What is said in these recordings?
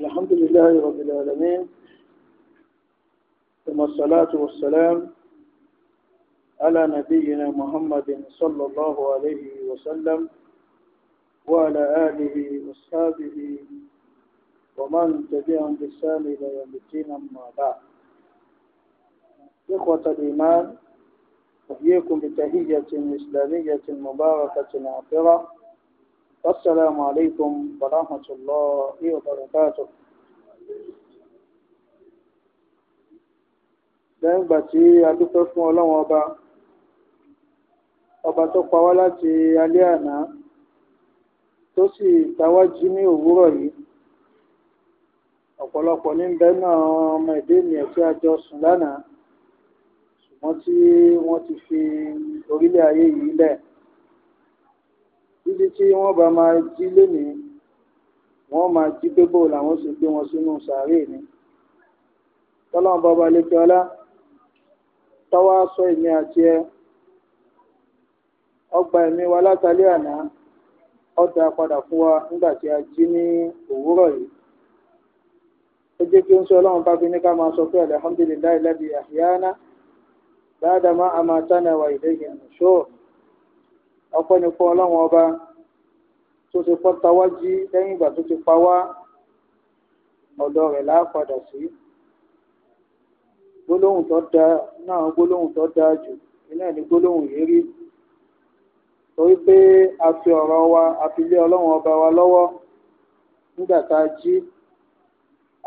الحمد لله رب العالمين ثم الصلاة والسلام على نبينا محمد صلى الله عليه وسلم وعلى آله وأصحابه ومن تبعهم بالسلام إلى يوم الدين أما بعد إخوة الإيمان أحييكم بتحية إسلامية مباركة عطرة السلام عليكم ورحمة الله وبركاته lẹ́yìn ìgbà tí a dúpẹ́ fún ọlọ́run ọba ọba tó pa wá láti alẹ́ àná tó sì táwájú ní òwúrọ̀ yìí ọ̀pọ̀lọpọ̀ ní bẹ́ẹ̀ náà ọmọ ẹ̀dẹ́ ènìyàn tí a jọ sùn lánàá ṣùgbọ́n tí wọ́n ti fi orílẹ̀ ayé yìí lẹ̀ títí tí wọ́n bá máa jí lónìí wọ́n máa jí pé bó làwọn sì gbé wọn sínú sàárè ni tọ́lọ́mù bàbá lẹ́kẹ́ ọlá tọ́wọ́ sọ èmi àti ẹ ọgbà ẹ̀mí wa látàlẹ́ àná ọ̀dà padà fún wa nígbà tí a jí ní òwúrọ̀ yìí ó jẹ́ kí ó ń sọ ọlọ́run bá fi ní ká máa sọ pé alihamudulilayi lẹ́bi àhíyáná dáadáa má a máa tánà wà ìlẹ́yìn ṣóò ọpẹ́ ni fún ọlọ́run ọba tó ti pọ́ tawá jí lẹ́yìn ìgbà tó ti pa wá ọ̀dọ̀ rẹ̀ láàpadà sí gbólóhùn tó dáa náà gbólóhùn tó dáa jù iná ní gbólóhùn yìí rí torí pé a fi ọ̀rọ̀ wa a fi lé ọlọ́run ọba wa lọ́wọ́ nígbà tá a jí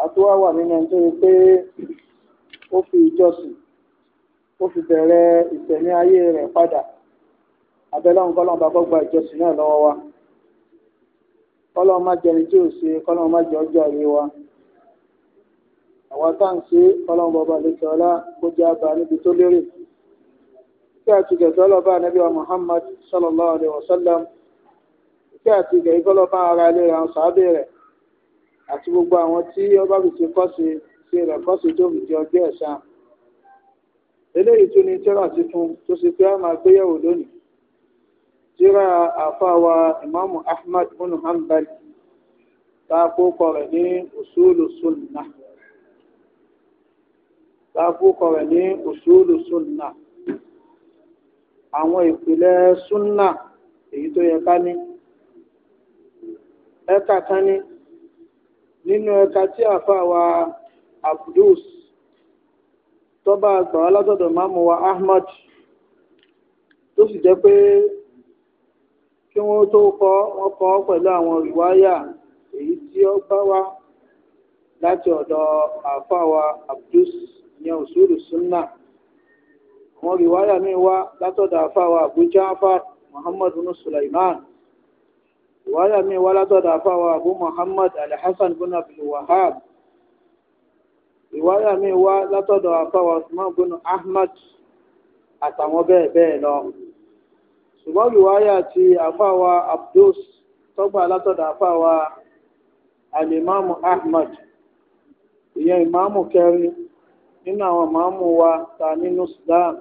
a tó wá wà nínú ẹni tó rí pé ó fi ìjọsìn ó fi bẹ̀rẹ̀ ìtẹ̀mí ayé rẹ̀ padà abẹ́lọ́run kọ́lọ́run bá gbọ́gba ìjọsìn náà lọ́wọ́ wa kọ́lọ́run má jẹni tí ò ṣe kọ́lọ́run má jẹ ọjọ́ àlè wa àwa tá à ń ṣe kọ́lọ́run bọ́ba àlejò ọlá kó jẹ́ àbá níbi tó lérè kí àti gẹ̀gẹ́ ọlọ́ba ànábì wa Muhammad sallallahu alayhi wa sallam kí àti gẹ̀gẹ́ kọ́lọ́ba ara ilé ra ń sàábẹ̀ rẹ̀ àti gbogbo àwọn tí ọba fi ṣe kọ́sì ṣe rẹ̀ kọ́sì tó fi di ọjọ́ ẹ̀san eléyìí tún ni tẹ́rà tuntun tó ṣe pé a máa gbéyẹ̀wò lónìí tíra àfáwa ìmáàmù ahmad bin hanbal tààkókọ rẹ̀ ní usulu sunna tààkókọ rẹ̀ ní usulu sunna àwọn ìpìlẹ̀ sunna èyí tó yẹ ká ní ẹ̀ka kan ní nínú ẹ̀ka tí àfáwa abdus tọ́ba àgbà alátọ̀dọ̀ ahmad tó sì jẹ́ pé kí wọ́n tó kọ́ wọ́n kọ́ pẹ̀lú àwọn ìwáyà èyí tí ó bá wá láti ọ̀dọ̀ àfáwa abdus ní usulu sunna àwọn ìwáyà míì wá látọ̀dọ̀ àfáwa abu jafar muhammad bin sulaiman ìwáyà míì wá látọ̀dọ̀ àfáwa abu muhammad alhassan bin abdulwahab ìwáyà míì wá látọ̀dọ̀ àfáwa usman bin ahmad àtàwọn bẹ́ẹ̀ bẹ́ẹ̀ lọ. ṣùgbọ́n rìwáyà ti àfàwà abdus tọ́gbà látọ̀dọ̀ àfàwà alimami ahmad ìyẹn ìmáàmù kẹrin nínú àwọn ìmáàmù wa ta nínú sudan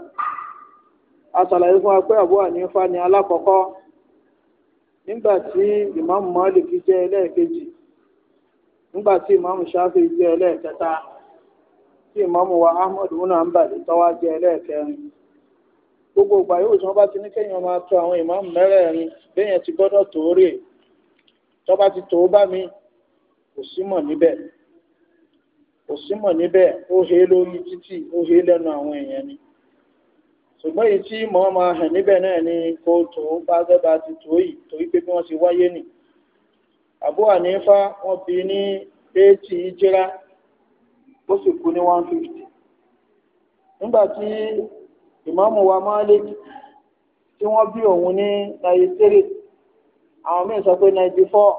aṣàlàyé fún wa pé àbúrò ànífà alakọkọ, alákọ̀ọ́kọ́ nígbà tí ìmáàmù malik jẹ́ ẹlẹ́ẹ̀kejì nígbà tí ìmáàmù shafi jẹ́ ẹlẹ́ẹ̀kẹta tí ìmáàmù wa ahmad múnà tọ́wá jẹ́ gbogbo ìgbà yóò tí wọ́n bá ti ní kéèyàn máa tọ̀ àwọn ìmáàmù mẹ́rẹ̀ẹ̀rin béèyàn ti gbọ́dọ̀ tó rè tó bá ti tó bá mi kò símọ̀ níbẹ̀ kò símọ̀ níbẹ̀ ó he lórí títì ó he lẹ́nu àwọn èèyàn ni ṣùgbọ́n èyí tí mọ̀ máa hàn níbẹ̀ náà ni kò tó bá gẹ́ bá ti tó yìí torí pé bí wọ́n ti wáyé nì Abu Hanifa wọ́n bí ní eighty hijira ó sì kú ní one fifty nígbà tí ìmáàmù wa Malik tí wọ́n bí òun ní ninety three àwọn míì sọ pé ninety four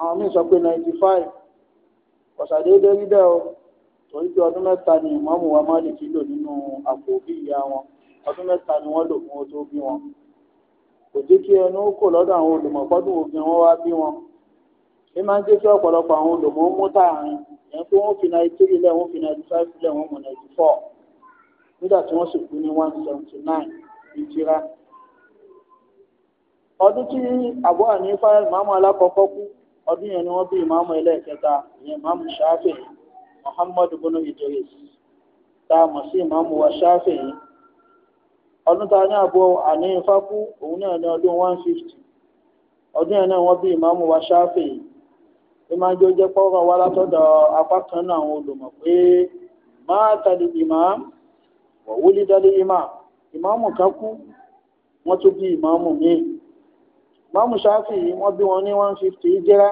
àwọn míì sọ pé ninety five ọ̀sàdédé rí bẹ́ẹ̀ o torí pé ọdún mẹ́ta ni ìmáàmù wa Malik lò nínú àpò òbí ìyá wọn ọdún mẹ́ta ni wọ́n lò fún wọn tó bí wọn kò jẹ́ kí ẹnu kò lọ́dọ̀ àwọn olùmọ̀kọ́dún òbí wọn wá bí wọn ní máa ń jẹ́ kí ọ̀pọ̀lọpọ̀ àwọn olùmọ̀ tààrin ẹ̀ ń pé wọ́n fi ninety three lẹ̀ wọ́n fi ninety five lẹ̀ wọ́n mọ̀ ninety four nígbà tí wọ́n sì kú ní one seventy nine ìtira. ọdún tí Abu Hanifa ìmáàmù alákọ̀ọ́kọ́ kú ọdún yẹn ni wọ́n bí ìmáàmù ẹlẹ́ẹ̀kẹta ìyẹn ìmáàmù Ṣáfì Muhammadu bunu Idris tá a mọ̀ sí ìmáàmù wa Ṣáfì yìí ọdún tá a ní Abu Hanifa kú òun náà ní ọdún one fifty ọdún yẹn náà wọ́n bí ìmáàmù wa Ṣáfì yìí ìmáàjọ jẹ́ pọ́ọ́rọ̀ wa látọ̀dọ̀ apá kan náà àwọn olùmọ̀ pé máa tàbí ìmáàmù wọ́wọ́ lè Imam, imam ìmáàmù kan kú wọ́n tún bí Imam míì ìmáàmù ṣáfì yìí bí wọn ní one fifty jẹ́rá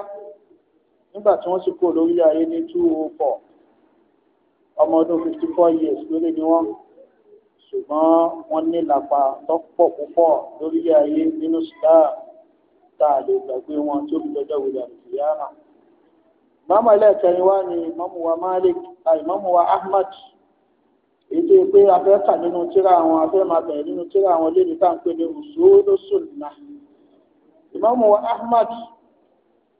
nígbà tí wọ́n sì kúrò lórí ayé ní two oh four ọmọ ọdún fifty four years lórí ni wọ́n ṣùgbọ́n wọ́n ní làpá lọ́pọ̀ púpọ̀ lórí ayé nínú sudan tá a lè gbàgbé wọn tó fi lọ́jọ́ ìwé àlùkìyàmà ìmáàmù ẹlẹ́ẹ̀kẹrin wá ní ìmáàmù wa malik Imam wa ahmad èyí tó yẹ pé afẹ́ kà nínú tíra àwọn afẹ́ máa bẹ̀rẹ̀ nínú tíra àwọn léde tá à ń pè ní usulusunna ìmáàmù Ahmad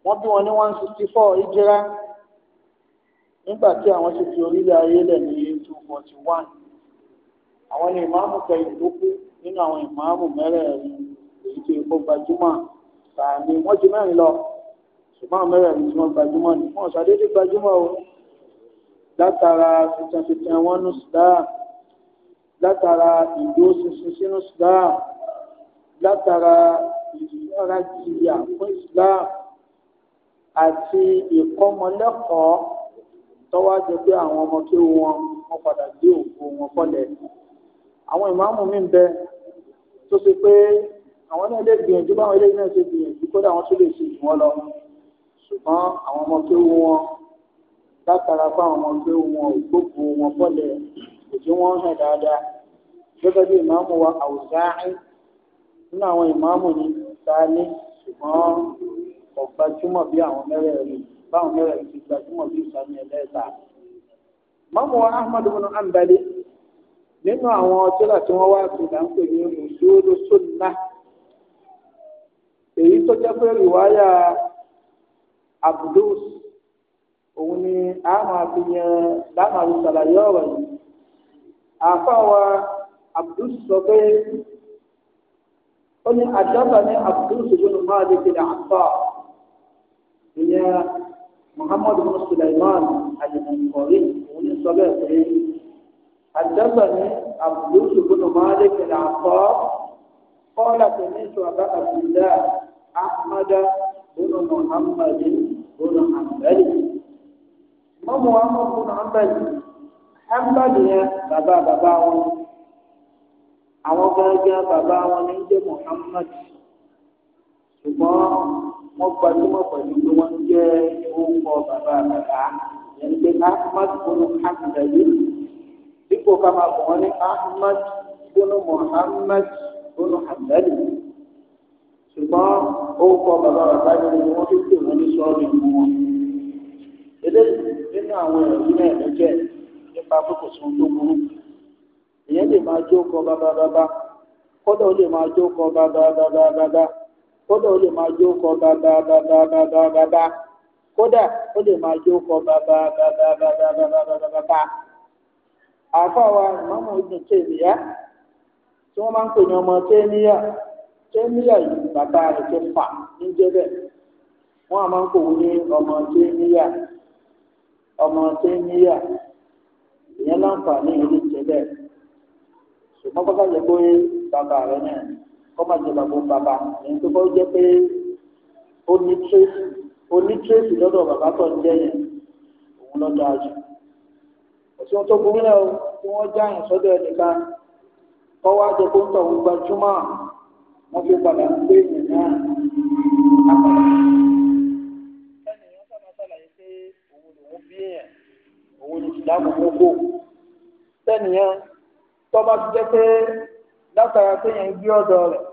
wọ́n bí wọn ní one sixty four ìjìrá nígbà tí àwọn ti fi orílẹ̀ ayé lẹ̀ ní two forty one àwọn ni ìmáàmù kẹyìn tó kú nínú àwọn ìmáàmù mẹ́rẹ̀ẹ̀rin èyí tó yẹ kó gbajúmọ̀ tààmì wọ́n ti mẹ́rin lọ ṣùgbọ́n mẹ́rẹ̀ẹ̀rin tí wọ́n gbajúmọ̀ ní ṣàdédé gbajúmọ̀ o látara fìtàfìtà wọn nù Islam látara ìdó ṣinṣin sínú Islam látara ìyára jìyà fún Islam àti ìkọ́mọlẹ́kọ̀ọ́ tọ́wájú pé àwọn ọmọ kí wọn wọn padà gbé òkú wọn kọ́lẹ̀ àwọn ìmáàmù mi ń bẹ tó ṣe pé àwọn náà lè gbìyànjú báwọn eléyìí náà ṣe gbìyànjú kódà wọn tún lè ṣe jù wọn lọ ṣùgbọ́n àwọn ọmọ kí wọn látara fún àwọn ọmọ pé wọn ò gbógun wọn bọ́lẹ̀ kò tí wọ́n hàn dáadáa gẹ́gẹ́ bí ìmáàmù wa àwùjáàrín nínú àwọn ìmáàmù ní sáálé ṣùgbọ́n ọ̀gbájúmọ̀ bí àwọn mẹ́rẹ̀ẹ̀rin báwọn mẹ́rẹ̀ẹ̀rin ti gbajúmọ̀ bí ìsàmì ẹ̀lẹ́ta. ìmáàmù wa Ahmad bin Hanbali nínú àwọn tírà tí wọ́n wá sí là ní usulu sunnah èyí tó jẹ́ pé rìwáyà abdus òun ni a máa fi yan dáhùn àti sàlàyé ọ̀rọ̀ yìí àfáwa abdul sọ pé ó ní àjọba ní abdul sọjọ́nù máa lè kéde àtọ́ ìyẹn muhammadu bin sulaiman alimunkori òun ní sọ bẹ́ẹ̀ pé àjọba ní abdul sọjọ́nù máa lè kéde àtọ́ kọ́lá tẹ̀lé ìṣọ̀bá abdullahi ahmad bin muhammad bin ahmed mọ́mú wa mọ́ fún hambali hambali yẹn bàbá bàbá wọn àwọn gángan bàbá wọn ní jẹ́ muhammad ṣùgbọ́n wọ́n gbajúmọ̀ pẹ̀lú pé wọ́n jẹ́ orúkọ bàbá bàbá yẹn pé ahmad bùnú hambali dípò ká máa ní ahmad bùnú muhammad bùnú hambali ṣùgbọ́n orúkọ bàbá bàbá yẹn ni wọ́n fi pè wọ́n ní sọ́ọ̀rì fún wọn. nínú àwọn ẹ̀rí náà ló jẹ́ nípa pé kò tó burú èèyàn lè máa jó kọ bábábábá kódà ó lè máa jó kọ bábábábá kódà ó lè máa jó kọ bábábábá kódà ó lè máa jó kọ bábábábá àfàwà ìmọ̀mù ìdùn tèmíyá tí wọ́n máa ń pè ní ọmọ tèmíyá tèmíyá yìí bàbá rẹ̀ ti fà wọ́n a máa ń ní ọmọ tèmíyá ọmọ tó ń yíyà ìyẹn láǹfààní ìlú ìjẹ́bẹ̀ ṣùgbọ́n bá bàjẹ́ pé bàbá rẹ náà kọ́ máa jẹ bàbá bàbá ẹni tó bá jẹ́ pé ó ní tírèsì lọ́dọ̀ bàbá tó ń jẹ́ yẹn òun lọ́dọ̀ àjù òsì tó burú náà tí wọ́n já àyàn sọ́dọ̀ ẹnìkan kọ́ wá jẹ kó ń tọ̀ gbajúmọ̀ wọ́n fi padà ń gbé ìyẹn náà èèyàn òun ni ìsìláàmù mú kó sẹ́niyàn tọ́ba ti jẹ́ pé látara téèyàn gbé ọ̀dọ̀ rẹ̀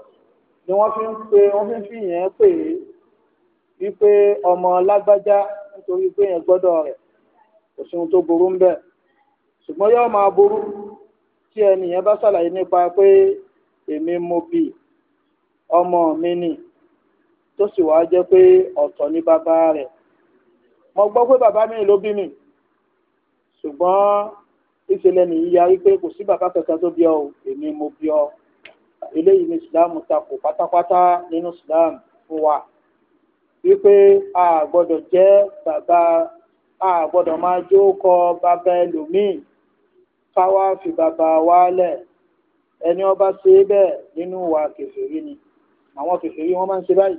ni wọ́n fi ń pe wọ́n fi ń fi yẹn pè é wípé ọmọ lágbájá nítorí pé yẹn gbọ́dọ̀ rẹ̀ kò sí ohun tó burú ń bẹ̀ ṣùgbọ́n yóò máa burú tí ẹnìyẹn bá ṣàlàyé nípa pé èmi mo bì ọmọ mi nì tó sì wáá jẹ́ pé ọ̀tọ̀ ni bàbá rẹ̀ mo gbọ́ pé bàbá mi ló bí mi ṣùgbọ́n ìṣẹ̀lẹ̀ nìyí yarí pé kò sí bàbá kankan tó bí ọ o èmi mo bí ọ eléyìí ni ìsìláàmù takò pátápátá nínú ìsìláàmù fún wa wípé a gbọ́dọ̀ jẹ́ bàbá a gbọ́dọ̀ máa jókọ bàbá ẹlòmíì káwá fi bàbá wa lẹ̀ ẹni ọba ṣe é bẹ́ẹ̀ nínú wa kèfèrí ni àwọn kèfèrí wọn máa ń ṣe báyìí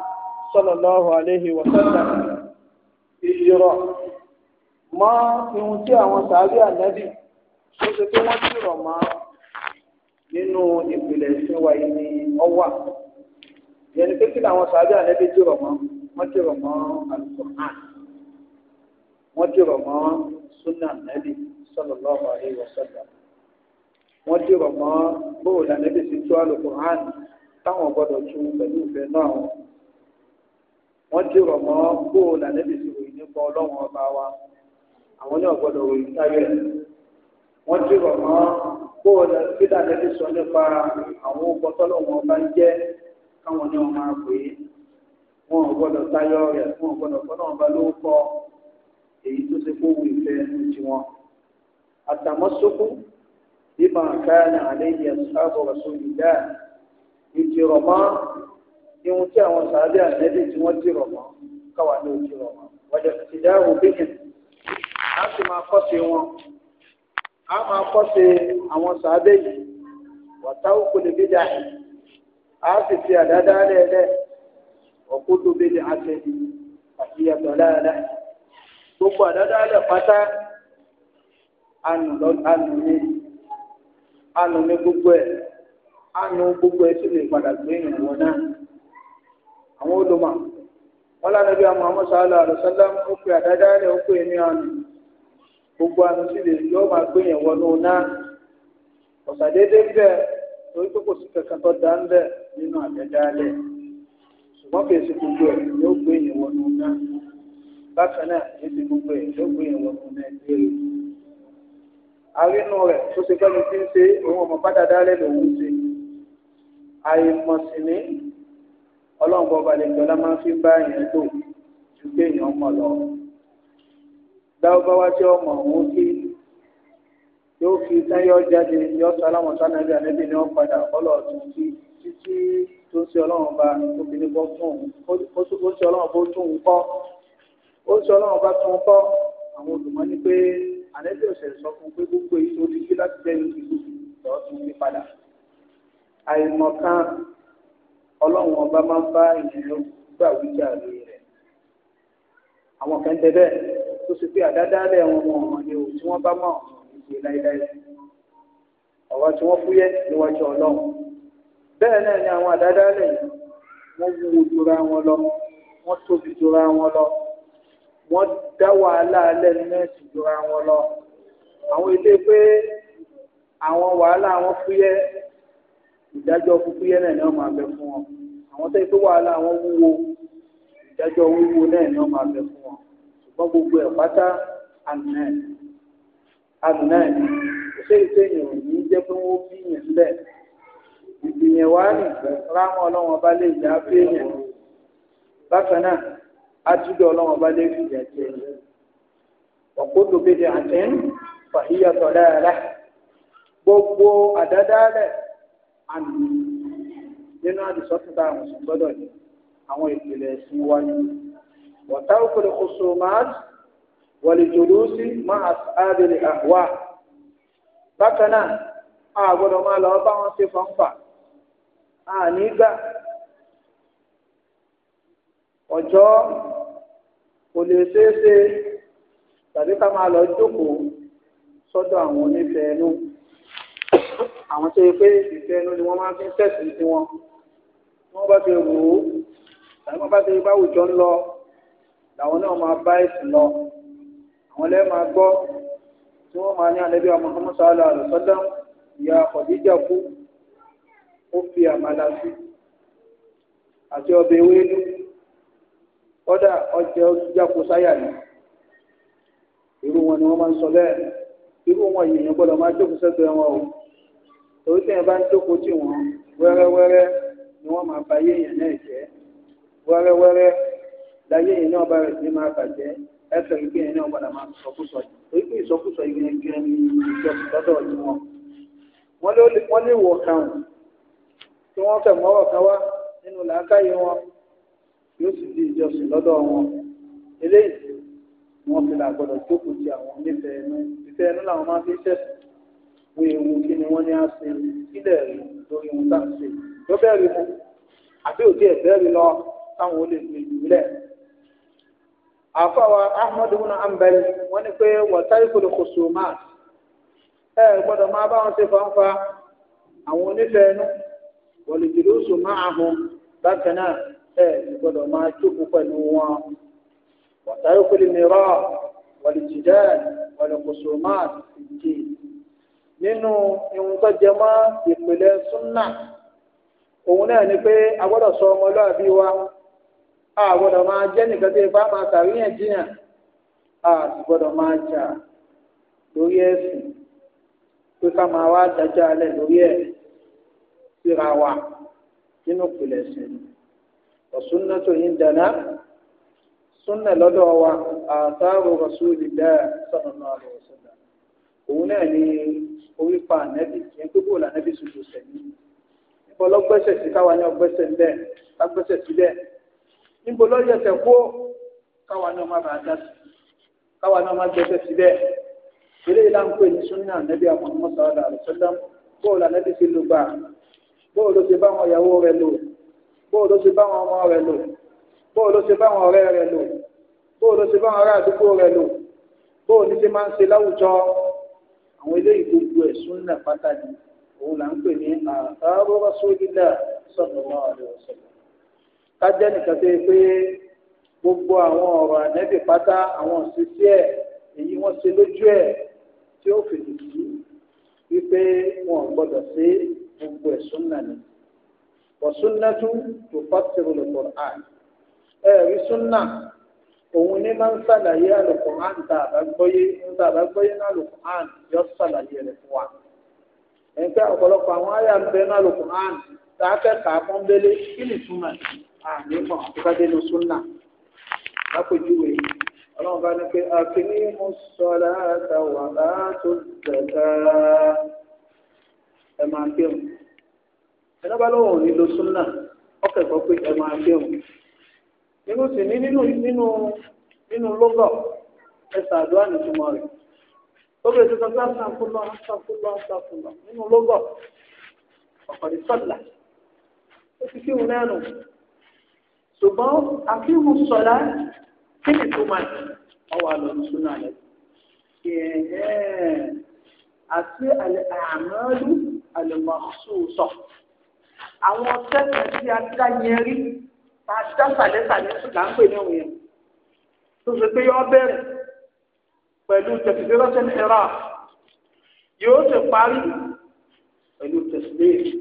sallallahu alayhi wa sallam ìrọ̀ mọ́ ihun tí àwọn sàárì ànábì tó ṣe pé wọ́n ti rọ̀ mọ́ nínú ìpìlẹ̀ ìsìn wa yìí ni ọ wà ìyẹn ni pé kí làwọn sàárì ànábì ti rọ̀ mọ́ wọ́n ti rọ̀ mọ́ Al-Qur'an wọ́n ti rọ̀ mọ́ sunna ànábì sallallahu alayhi wa sallam wọ́n dìrọ̀ mọ́ bóòlù ànábì sí tó al táwọn gbọ́dọ̀ tún pẹ̀lú ìfẹ́ náà wọ́n ti rọ̀ mọ́ bóòlù àlẹ́bí sọ̀rọ̀ yìí nípa ọlọ́run ọba wa àwọn ní ọ̀gbọ́dọ̀ ròyìn táyọ̀ wọ́n ti rọ̀ mọ́ bóòlù kílà àlẹ́bí sọ nípa àwọn ọkọ̀ tọ́lọ́run ọba ń jẹ́ káwọn ní ọmọ àgbè wọn ò gbọ́dọ̀ táyọ̀ rẹ̀ wọn ò ọba ló kọ èyí tó ṣe kó wù ìfẹ́ tiwọn àtàmọ́sókú bíbá àkáyà ní àlẹ́ yẹn sábọ̀ rẹ̀ sóyún dáa ìtìrọ̀mọ́ ihun tí àwọn sàádé àtẹ́lẹ̀ tí wọ́n dìrọ̀ mọ́ káwa ní òjì mọ́ wọ́dẹ̀ ti dá òbíyìn á sì máa kọ́sí wọn á máa kọ́sí àwọn sàádé yìí wàtáwó kò lè á sì fi àdáda lẹ́ẹ̀lẹ́ ọ̀kú tó bídà àtẹ́lẹ̀ àti láàlá gbogbo àdáda lẹ̀ pátá ànú gbogbo ẹ̀ ànú gbogbo ẹ̀ sì lè àwọn olùmọ̀ wọn lánàá bí àwọn ọmọ alaihi wasallam ó pe àdájá rẹ̀ ó pe ní àmì gbogbo àmì sì lè yọ máa gbé yẹn wọnú náà ọ̀sàdédé ń torí pé kò sí kankan tó dá ń gbogbo ẹ̀ gbé yẹn wọnú náà bákan náà kì í ṣe gbogbo ẹ̀ gbé yẹn wọnú náà ẹgbẹ́ arínú tó tí ń ṣe òun ọmọ ọlọ́run bọ́ balẹ̀ ìjọba máa ń fi bá èèyàn lò ju pé èèyàn mọ̀ lọ. dáwọ́báwá tí ọmọ òun kí yóò fi táyọ̀ jáde yóò sọ aláwọ̀ sánàbí àlẹ́bí ni wọ́n padà ọlọ́ tuntun títí tó ń ṣe ọlọ́run bá obìnrin bọ́ fún òun ó ṣe ọlọ́run bó tún un kọ́ ó ṣe ọlọ́run bá tún un kọ́ àwọn olùmọ̀ ní pé àlẹ́bí ọ̀sẹ̀ sọ fún pé gbogbo èyí tó ti kí láti jẹ́ ìlú lọ́ọ́ tún fi padà àìmọ̀kan ọlọ́run ọba máa ń bá ènìyàn gbà wíjà lórí rẹ̀ àwọn kan tẹ bẹ́ẹ̀ tó sì pé àdádálẹ̀ wọn mọ̀ ọ̀hún ni o tí wọ́n bá mọ̀ ọ̀hún ìgbé láéláé ọ̀wá tí wọ́n fúyẹ́ níwájú ọlọ́run bẹ́ẹ̀ náà ni àwọn àdádálẹ̀ wọ́n wúwo jura wọn lọ wọ́n tóbi jura wọn lọ wọ́n dá wàhálà alẹ́ nẹ́ẹ̀sì jura wọn lọ àwọn ilé pé àwọn wàhálà wọn fúyẹ́ ìdájọ́ kúkú yẹn náà máa bẹ fún wọn àwọn tẹ́ tó wàhálà wọn wúwo ìdájọ́ wíwo náà náà máa bẹ fún wọn ṣùgbọ́n gbogbo ẹ̀ pátá ànúnà ẹ̀ ànúnà ẹ̀ kò sí ètò èèyàn ò ní jẹ́ pé wọ́n fi yẹn lẹ̀ ìgbìyàn wa ní ráhùn ọlọ́wọ́n bá lè yá bí bákan náà ájúdọ̀ ọlọ́wọ́n bá lè fìyà jẹ ọ̀pọ̀lọpọ̀ bèdè àtẹ́yìn fàhíyà tọ̀lá ẹ̀ rẹ̀ gbogbo àmì nínú àdìsọ́kítà àwọn sùn gbọ́dọ̀ ní àwọn ìpìlẹ̀ ẹ̀sìn wa ni wọ́tá òkèlè kòsò máa wọlé jòlóòsì máa àbẹ̀lẹ̀ àwa bákan náà a gbọ́dọ̀ máa lọ bá wọn ṣe fọ́nfà a nígbà ọjọ́ kò lè ṣeé ṣe tàbí ká máa lọ jókòó sọ́dọ̀ àwọn onífẹ̀ẹ́ náà àwọn tó yẹ pé ìfẹ́ ẹnu ni wọ́n máa fi ń tẹ̀sí sí wọn wọ́n bá ti wò ó tàbí wọ́n bá ti bá àwùjọ ń lọ làwọn náà máa bá ẹ̀sìn lọ àwọn lẹ́ẹ̀ máa gbọ́ tí wọ́n máa ní àlẹ́bí ọmọ ọmọọṣọ àlọ́ àlùsọ́dá ìyá ọ̀díjà kú ó fi àmàlà sí àti ọbẹ̀ ewédú kọ́dà ọjà ọ̀díjà kú sáyà ni irú wọn ni wọ́n máa ń sọ bẹ́ẹ̀ irú wọn yìí yẹn gbọ́dọ̀ máa jókòó sẹ́gbẹ̀ẹ́ wọn o torí tẹ̀yìn bá ń jókòó tì wọ́n wẹ́rẹ́wẹ́rẹ́ ni wọ́n máa ba ayé èèyàn náà jẹ́ wẹ́rẹ́wẹ́rẹ́ láyé èèyàn náà bá rẹ̀ sí máa bàjẹ́ ẹsẹ̀ ìgbé yẹn náà padà máa sọkúsọ yìí torí pé ìsọkúsọ yìí yẹn gẹ́gẹ́ ní ìjọba lọ́dọ̀ ọ̀dún wọn. wọ́n lè wọ̀ kàn tí wọ́n fẹ̀ mọ́rọ̀ kan wá nínú làákàyè wọn yóò sì di ìjọsìn lọ́dọ̀ wọn eléyìí wọ́n fi làgbọ́dọ̀ jókòó ti àwọn onífẹ̀ẹ́ ẹnu ìfẹ́ ẹnu làwọn máa fi ṣẹ̀sìn wo ewu kí ni ní á ṣe sílẹ̀ rí lórí ohun tá à ń ṣe ló bẹ́ẹ̀rì mu àbí òde ẹ̀bẹ́ẹ̀rì lọ táwọn olè gbé ìbílẹ̀. àfọwọ́ ahmed ibn ambal wọ́n ní pé wọ́táì kò lè kò sùn máa ẹ gbọ́dọ̀ máa bá wọn ṣe fanfa àwọn wọn kò lè mìíràn wọ́n lè nínú ihun tó jẹ mọ́ ìpìlẹ̀ súnà òun náà ni pé a gbọ́dọ̀ sọ ọmọlúàbí wa a gbọ́dọ̀ máa jẹ́ nìkan tó yẹ bá máa ṣàríyànjiyàn a sì gbọ́dọ̀ máa jà lórí ẹ̀sìn pé ká máa wá dájọ́ alẹ́ lórí ẹ̀ síra wa nínú ìpìlẹ̀ ẹ̀sìn ọ̀sùnà tó yín dáná súnà lọ́dọ̀ wa àtàrò rasulillah sallallahu alaihi wasallam òun náà ni orí pa ànẹ́bì yẹn tó bò lànẹ́bì ṣoṣo sẹ́yìn níbo lọ́gbẹ́sẹ̀ sí káwa ní ọgbẹ́sẹ̀ ń bẹ̀ lágbẹ́sẹ̀ sílẹ̀ níbo lọ́yẹsẹ̀ kó káwa ní ọmọ bàá dá sí káwa ní ọmọ gbẹ́sẹ̀ sílẹ̀ eré ìlà ń pè ní súnà ànẹ́bì àmọ́ sàrádà àlùsọ́dá bóòlù ànẹ́bì ti lù gbà bóòlù ti bá àwọn ìyàwó rẹ̀ lò bóòlù ti bá ọmọ rẹ̀ lò bóòlù ti bá àwọn àwọn eléyìí gbogbo ẹ̀ súnà pátádì òun là ń pè ní àtàrọ rasulillah sallallahu alaihi wasallam kájẹ́ nìkan tó yẹ pé gbogbo àwọn ọ̀rọ̀ ànẹ́bì pátá àwọn òṣìṣẹ́ ẹ̀ èyí wọ́n ṣe lójú ẹ̀ tí ó fìdí sí wípé wọn ò gbọdọ̀ sí gbogbo ẹ̀ súnà ni wọ́n súnà tún tó fásitì rẹ̀ lọ́kọ̀ọ́ àná ẹ̀rí súnà òun ní máa ń ṣàlàyé alukuhan tá a bá gbọ́yé tá a bá gbọ́yé ní alukuhan yọ ṣàlàyé rẹ̀ fún wa. ẹ̀ńpẹ́ ọ̀pọ̀lọpọ̀ àwọn àyà ń bẹ ní alukuhan tá a kẹ́kọ̀ọ́ akọ́ńbélé kí ni túmọ̀ àmì mọ̀ àtúkàdé ní súnà lápèjúwe ọlọ́run bá ní pé àkíní mo sọ̀rọ̀ àtàwà bá tó tẹ̀ka ẹ̀ máa kéwòn. ẹ̀ náà bá lọ́wọ́ òní lo súnà ọkẹ́kọ̀ọ́ pé ẹ̀ máa kéwòn nínú sì ní nínú nínú nínú lọ́gọ̀ ẹ̀sà àdúrà nìtumọ̀ rẹ̀ lọ́gọ̀ ètò sọ́kà sàkúlọ̀ sàkúlọ̀ sàkúlọ̀ nínú lọ́gọ̀ ọ̀pọ̀lì sọ́là ó ti kí wọn lẹ́nu ṣùgbọ́n àfihàn sọ̀lá kí ni tó máa ọwọ́ àlọ́ ìṣúná rẹ̀ ẹ̀ẹ́ àti àmọ́lú àlùmọ̀ọ́sù àwọn tẹ́tẹ̀ tí a dá yẹn rí àṣìṣà sàlẹ́sàlẹ́ là ń pè ní òun yẹn tó ṣe pé yọ bẹ̀rẹ̀ pẹ̀lú tẹ̀síbẹ́rẹ́sẹ̀ ẹ̀rọ yóò ṣe parí pẹ̀lú tẹ̀síbẹ́rẹ́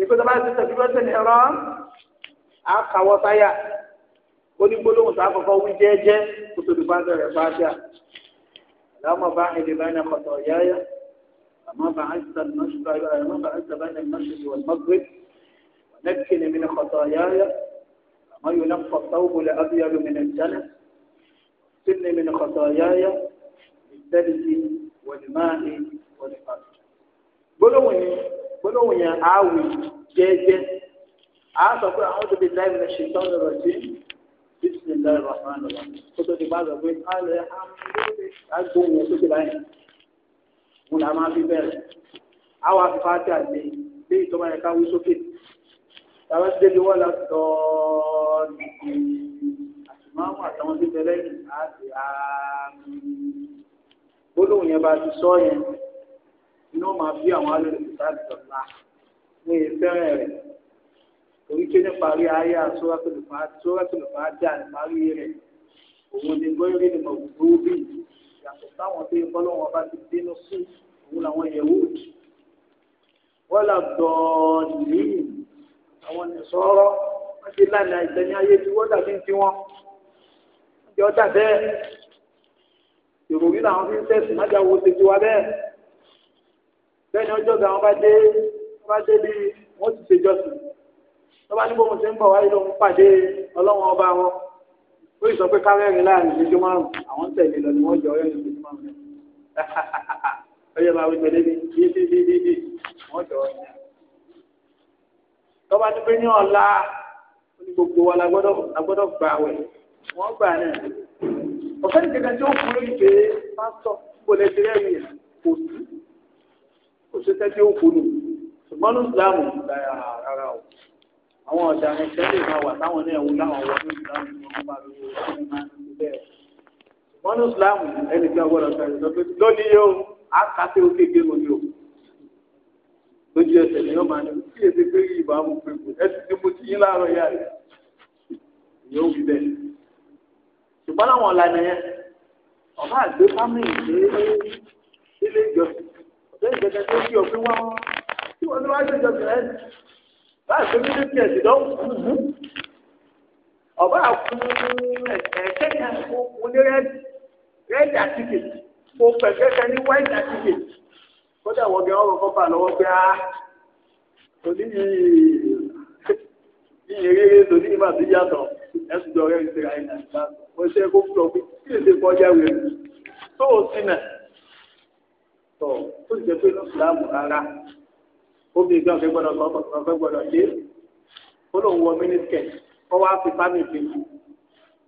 ìpè tó bá ti tẹ̀síbẹ́rẹ́sẹ̀ ẹ̀rọ àkàwọ́ táyà ó ní gbólóhùn tá a kọ́kọ́ wí jẹ́ẹ́jẹ́ kó tó di bá bẹ̀rẹ̀ bá ṣá اللهم باعد بين خطاياي كما بعدت المشرق كما بعدت بين المشرق نجني من خطاياي ما ينفى الثوب الابيض من الجنة سلني من خطاياي بالثلج والماء والفرج بلوني بلوني اعوي جيجي اعطى كل اعوذ بالله من الشيطان الرجيم بسم الله الرحمن الرحيم كنت بعض الوقت قال يا حمد اجبوا موسوك العين ونعم في بيرك اعوى في فاتح لي بيتو ما يكاوي سوكي tàbá ti débi wọ́n la sọ ọ́ ní ti àtùmáwọ̀ àtàwọn tó tẹ lẹ́yìn àti àmì gbólóhùn yẹn bá ti sọ yẹn iná máa bí àwọn alẹ́lẹ́sì láti dọ̀la ní ìfẹ́rẹ̀ rẹ̀ torí pé ní parí ayé àsọ́rọ́tòlùfà dà ní parí rẹ̀ òun ni gbọ́yìnrì ni mo gbó bí yàtọ̀ táwọn tó yẹ kọ́lọ́wọ́n bá ti dénú sí òun làwọn yẹ̀wò wọ́n là nìyí àwọn nìsọ́rọ́ wọ́n ti lànà ìgbẹ̀yìn ayé tí wọ́n dàbí ti wọ́n ti ọjà bẹ́ẹ̀ ìròrí làwọn fi ń tẹ̀sí má jáwó ṣe ti wa bẹ́ẹ̀ bẹ́ẹ̀ ni ọjọ́ gàwọn bá dé bá dé bí wọ́n ti ṣèjọsìn lọ́ba ní bóun ṣe ń bọ̀ wáyé ló pàdé ọlọ́wọ́n ọba wọn ó sì sọ pé kárẹ́rìn láàrin ìṣẹ́jú márùn àwọn ń tẹ̀lé lọ ni wọ́n jẹ ọyọ́ ìṣẹ́jú márùn ọyọ́ bá wí pẹ̀lẹ́ bí bí bí bí bí wọ́n jọ ọyọ́ tọ́ba ti pé ní ọ̀la ní gbogbo wa la gbọ́dọ̀ gbà wẹ̀ wọ́n gbà náà ọ̀fẹ́ nìkan tí ó kú lórí pé pásítọ̀ kò lè ti rẹ́rìn yẹn kò sí kò sí tẹ́tí ó kú nù ṣùgbọ́n ní ìsìlámù dára rárá o àwọn ọ̀dà ni tẹ́lẹ̀ máa wà táwọn náà wù láwọn wọ ní ìsìlámù ní wọ́n bá lò ó ní máa ń ṣe bẹ́ẹ̀ ṣùgbọ́n ní ìsìlámù ẹnìkan gbọ́dọ̀ sọ̀rọ̀ lọ́dún yóò á kásẹ̀ ó kéèké lónìí o lójú ẹsẹ̀ ni yóò máa ní kí èsì pé yìí bá mú pé kù ẹsì tí mo ti yín láàárọ̀ yá rẹ̀ yóò wí bẹ́ẹ̀. ṣùgbọ́n láwọn ọ̀la nìyẹn ọ̀bá àgbé fámìlì dé ilé ìjọsìn ọ̀sẹ̀ ìjọsìn tó kí ọ̀pẹ wá wọn tí wọ́n ti wá ṣe ìjọsìn rẹ̀ bá àgbé nílé kí ẹ̀sìn lọ́ ọ̀bá àkú ẹ̀kẹ́kẹ́ kó onírẹ́dì rẹ́dì àtìkè kó pẹ̀kẹ́kẹ́ ní wáìdì àtìkè kódà wọ́gẹ́ ọ̀rọ̀ kọ́pà lọ́wọ́ pé á ah, òní yìí rere lòní ìgbà tó yàtọ̀ ẹ̀sùn jọ rẹ̀ ń ṣe àìsàn ìgbà ṣe kó fún ọ pé kí èdè kọjá rẹ̀ tó o sí nà tó o jẹ pé ló fìlàmù rárá omi ìgbà ọ̀fẹ́ gbọ́dọ̀ ọ̀fẹ́ gbọ́dọ̀ dé ó lóun wọ mínísítẹ̀ kọ́ wá fi fámì fi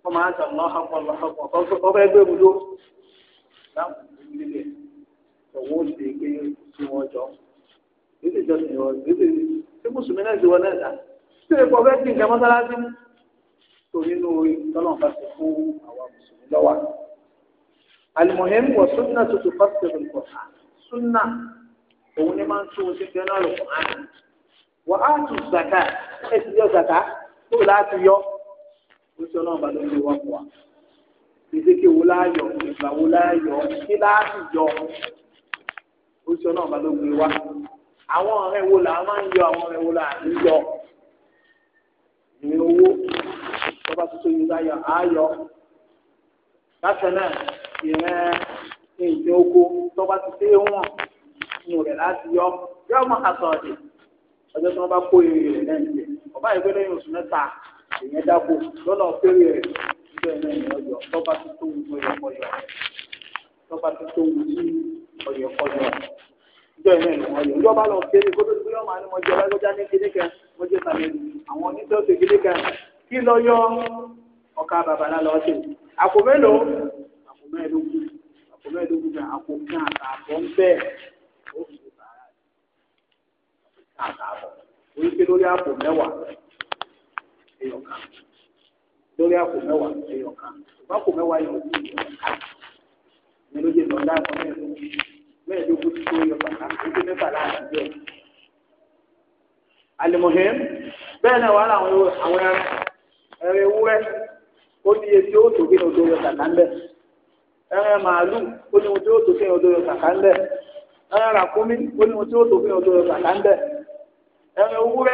kọ́ máa ń sàn lọ́hàpọ̀ lọ́hàpọ̀ ọ̀fẹ́ òun ó ṣe pé kí wọ́n jọ nílé ìjọsìn ìwọ nílé tí mùsùlùmí náà ti wọ náà dá tí èèpọ̀ fẹ́ kí nǹkan mọ́sálásí torí inú ìtọ́nà bá ti fún àwọn mùsùlùmí lọ́wọ́. àlùmọ̀hẹ́mù wọ súnà tuntun fásitì lùkọ̀ súnà òun ni máa ń tún oṣù tẹ́lẹ̀ lùkọ̀ án. wà á tún zàkà ẹ̀ ti yọ zàkà tó láti yọ oṣù náà bá lórí wà fún wa. ìdíkè wo láàyò ìgbà wo láàyò kí láàyò oṣù náà bá ló gbé wá àwọn ọ̀rẹ́ wo là máa ń yọ àwọn ọ̀rẹ́ wo là á ń yọ ìwé owó tọ́ba tuntun yìí bá yọ ààyọ bákan náà ìrẹ́ ìjẹ́ oko tọ́ba ti dé wọ̀n inú rẹ̀ láti yọ yọ ọmọ àtọ̀ọ̀dẹ̀ ọjọ́ tí wọ́n bá kó èrè rẹ̀ náà jẹ ọba ìgbẹ́ oṣù mẹ́ta èèyàn dáko lọ́nà ọ̀pẹ̀rẹ̀ rẹ̀ ìjọba lọ kéré kó tó ti gbé ọmọ àná mo jẹ lágbájá ní kéde kan mo jẹ sàmì àwọn onítọ́sí kéde kan kí lọ yọ ọkà bàbàlá lọ sí àpò mélòó àpò mẹ́ẹ̀ẹ́dógún àpò mẹ́ẹ̀ẹ́dógún gan àpò kan àtààbọ̀ ń bẹ́ẹ̀ ó fi lè bàárà àtààbọ̀ orí ké lórí àpò mẹ́wàá èèyàn kan lórí àpò mẹ́wàá èèyàn kan ìbáko mẹ́wàá yẹn ò sí ìyẹn ló jẹ lọ́dá àpò mẹ́ẹ̀ẹ́dógún mẹ́ẹ̀ẹ́dógún tí ó yọ bàtà ojú mẹ́fà láàrin bẹ́ẹ̀. alimohim bẹ́ẹ̀ náà wàhálà àwọn ewúrẹ́ ó ní tí ó tó kí ni odò yọ bàtà ńbẹ ẹran màálù ó ní tí ó tó kí ni odò yọ bàtà ó ní tí ó tó kí ni odò o ẹran màálù ọba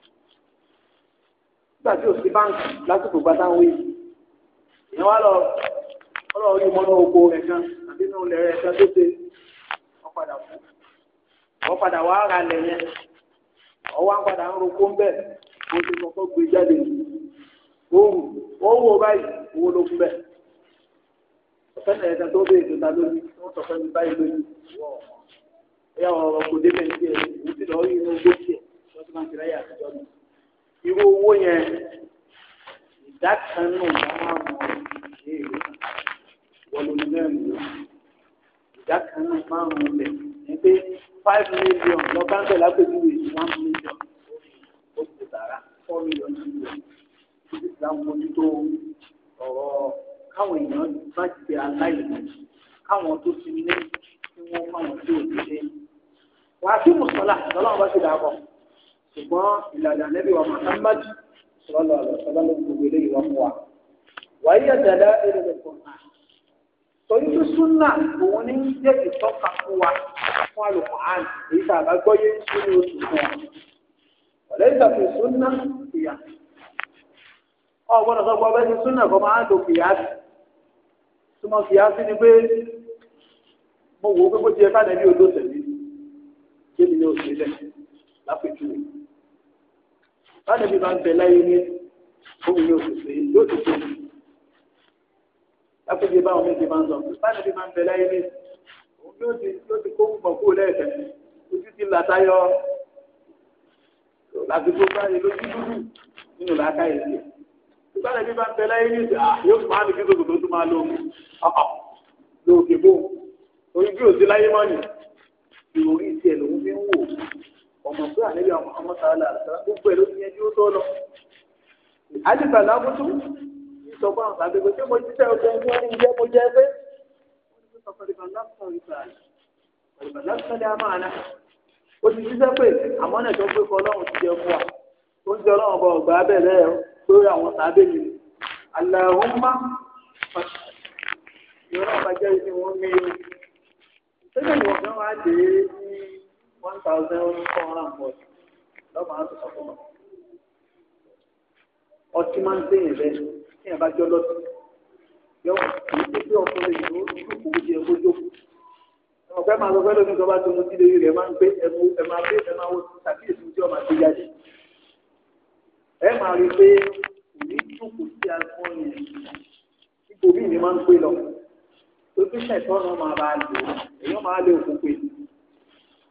nígbà tí o sí báńkì lásìkò gbàtà ń wí ìyẹn wá lọ ọlọ orí mọnú oko rẹ̀ kan àbí inú ilẹ̀ rẹ̀ kan tó ṣe wọn padà fún wọn padà wá ara lẹ yẹn ọwọ́ ń padà ń roko ń bẹ mo ti kọ́kọ́ gbé jáde òun òun wo báyìí owó ló fún bẹ ọ̀fẹ́ náà ẹ̀ka tó bèèrè tó ta lórí wọn sọ fẹ́ mi báyìí lórí wọ́ọ̀ ẹ̀yà ọ̀rọ̀ kò dé bẹ́ẹ̀ tiẹ̀ òun ti lọ́ọ́ rí inú gbé tiẹ̀ lọ́sibáǹtì láyé àtijọ́ náà irú owó yẹn ìdá kan nù márùn-ún ìbéèrè wọlé mẹ́rin ìdá kan nù márùn-ún lẹ̀ ní pé five million lọ bá ń bẹ̀ lápèjúwe one million ó ti dára four million ti lò títí tí wọ́n mójútó ọ̀rọ̀ káwọn èèyàn bá jẹ aláìní káwọn tó ti ní kí wọ́n máwọn tó òdìdé wàá sí mùsùlùmí lọ́lọ́run bá ti dà á bọ̀ ṣùgbọ́n ìlànà nẹ́bí wa Muhammad sọlọ àlọ́sọlá ló gbogbo eléyìí wọ́n mú wa. wàyí ẹ̀dàdà èrè kọ̀ọ̀kan torí tó súnà òun ní jẹ́ ìtọ́ka fún wa fún àlùkò àn èyí tá a bá gbọ́ yé nínú oṣù fún wa. ọ̀lẹ́ ìtàkùn súnà ìyá. ọ̀gbọ́dọ̀ sọ pé ọbẹ̀ ti súnà kọ́ máa ń lo kìyàsì. súnmọ́ kìyàsì ni pé mo wò ó pé bó ti ẹ ká nẹ́bí odó tẹ̀lé kí ni yóò ṣe lẹ̀ báyìí bí máa ń bẹ láyé ní omi yóò fi ṣe yóò ti ṣe lápẹjẹ báwọn méje máa ń sọ báyìí bí máa ń bẹ láyé ní òun yóò ti yóò ti kó púpọ̀ kúrò lẹ́ẹ̀kẹ́ ojú ti là táyọ làdúgbò báyìí lójú dúdú nínú làákàyè sí ìbára bí máa ń bẹ láyé ní ìsìn yóò fi máa ń fi gbogbo tó tún máa lo lóòkè bò orí bí òsì láyé mọ́ni ìròrí tiẹ̀ lòún fi ọmọ pé àlejò àwọn ọmọ sàálà àṣà gbogbo ẹ̀ ló dúró tó lọ. àdìgbà lábútú sọ fún àwọn àgbègbè pé mo jíṣẹ́ ọgbẹ́ ní wọ́n jẹ́ mo jẹ́ pé. ó ti jíṣẹ́ pé àmọ́ náà tó gbé kọ ọlọ́run ti jẹ fún wa ó ń jẹ ọlọ́run ọba ọ̀gbà abẹ́rẹ́ lórí àwọn sábẹ́ mi. àlàhùnmá ìrọ̀lọ́ba jẹ́ ìdí wọn mí o. ṣé lè wọ̀ fẹ́ wá dé one thousand four hundred and forty lọ́mọ àti sọ̀kọ́ mọ́. ọtí máa ń gbẹ̀yìn rẹ kí ẹ bá jọ lọ́tí yọ kìí ṣe pé ọkùnrin yìí ó dúkú jẹ kó jókòó. ọ̀pẹ́ máa lọ pẹ́lú nígbà bá tó mu sí lórí rẹ̀ máa ń gbé ẹmu ẹ máa gbé ẹ máa wo tàbí èsì tí ọmọ àti jáde. ẹ máa rí i pé kò ní dúkú sí agbọ́n yẹn ibòmí ni máa ń gbé lọ. tó fi ṣẹ̀tọ́ náà máa bá a lò èèyàn máa lè òkú pè é.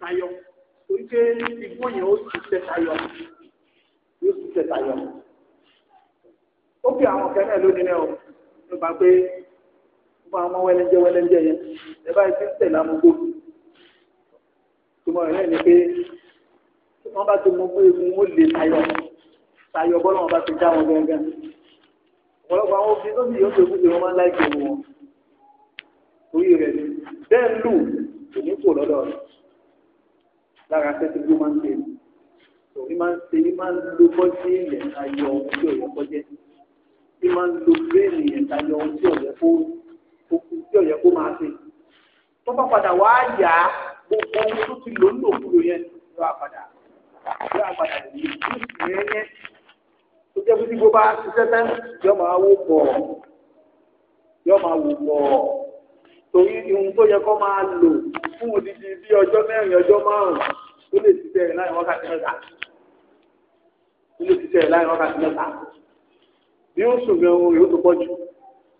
tayọ torí pé igbó yẹn ó ti tẹ tayọ yóò ti tẹ tayọ. ó fi àwọn kẹ́lẹ́ lónìí náà ló bá pé ó máa mọ wẹ́lẹ́jẹ́ wẹ́lẹ́jẹ́ yẹn ẹ báyìí ti ń tẹ̀lé amúgbó. tùmọ̀ rẹ̀ ni pé tí wọ́n bá ti mọ pé egun ó lè tayọ tayọ bọ́lá wọn bá ti dá wọn gángan. ọ̀pọ̀lọpọ̀ àwọn obìnrin tó sì yọ̀ pé kúndé wọn máa ń láì gbèrú wọn. orí rẹ̀ ni bẹ́ẹ̀ lù èmi kò lọ́dọ̀ rẹ̀ lára tẹ́tí ló máa ń ṣe tó ní máa ń ṣe ní máa ń lo bọ́dí èèyàn tayọ ohun tí ọ̀yọ́ kọjẹ́ ní máa ń lo bírèèni èèyàn tayọ ohun tí ọ̀yọ́ kó tí ọ̀yọ́ kó máa ṣe tó bá padà wá yá gbogbo ohun tó ti lò ń lò kúrò yẹn ló wà padà ló wà padà yìí yẹn yẹn tó jẹ́ pé tí gbogbo bá ṣiṣẹ́ tán yọ máa wò pọ̀ yọ máa wò pọ̀ torí ohun tó yẹ kó máa lò fún odidi bí ọjọ́ mẹ́rin ọjọ́ márùn-ún ó lè ti tẹ̀ láì wákàtí mẹ́ta ó lè ti tẹ̀ láì wákàtí mẹ́ta bí ó sùn gan ohun yóò tó pọ̀ jù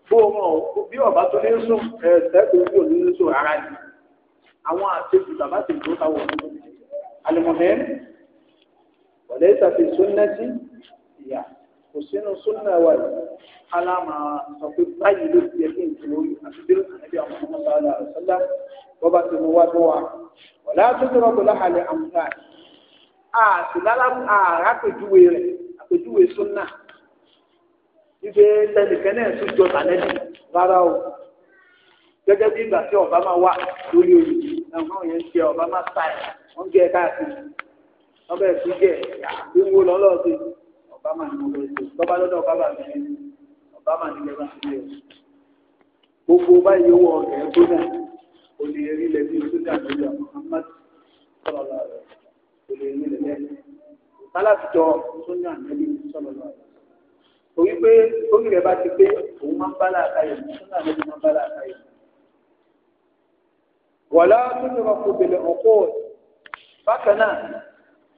bó wọn bí ọba tó ní sùn ẹ̀ẹ́dẹ́ tó ní òní ní sùn rárá ni àwọn àtẹ̀jù bàbá ti tó táwọn ọ̀nà àlùmọ̀mẹ́ wọ̀lẹ́ ìtàfi sunnati ìyá kò sínú súnà wà yìí aláma sọ pé báyìí ló ti yẹ kí n tún lórí àti bí ànábì àwọn ọmọ sáálà àlùsálà bọ́ba ti mú wá tó wà wọ̀lá tó tọrọ bọ̀lá àlẹ́ àmúlá àti lálá àràpèjúwe rẹ̀ àpèjúwe súnà ibi tẹnikẹ́ náà tún jọ tànẹ́bì rárá o gẹ́gẹ́ bí ìgbà tí Obama wà lórí oyè náà wọ́n yẹn ń jẹ Obama style wọ́n gẹ káàkiri wọ́n bẹ̀rẹ̀ sí gẹ̀ ìwúwo lọ́lọ́ọ̀sẹ̀ ọbámà ni mo lọ sí tọ́ba lọ́dọ̀ bábà mi ọbámà ni lẹ́bà sí ẹ̀ gbogbo báyìí owó ọ̀rẹ́ gbóná kò lè rí lẹ́bí sójà lórí Muhammad sọ̀rọ̀ lọ́rọ̀ kò lè rí lẹ́bí kálàtìjọ sójà lórí sọ̀rọ̀ lọ́rọ̀ torí pé orí rẹ̀ bá ti pé òun máa ń bá làákàyè sójà lórí máa ń bá làákàyè wọ̀lá tó ń rọ̀ kó bèlè bákan náà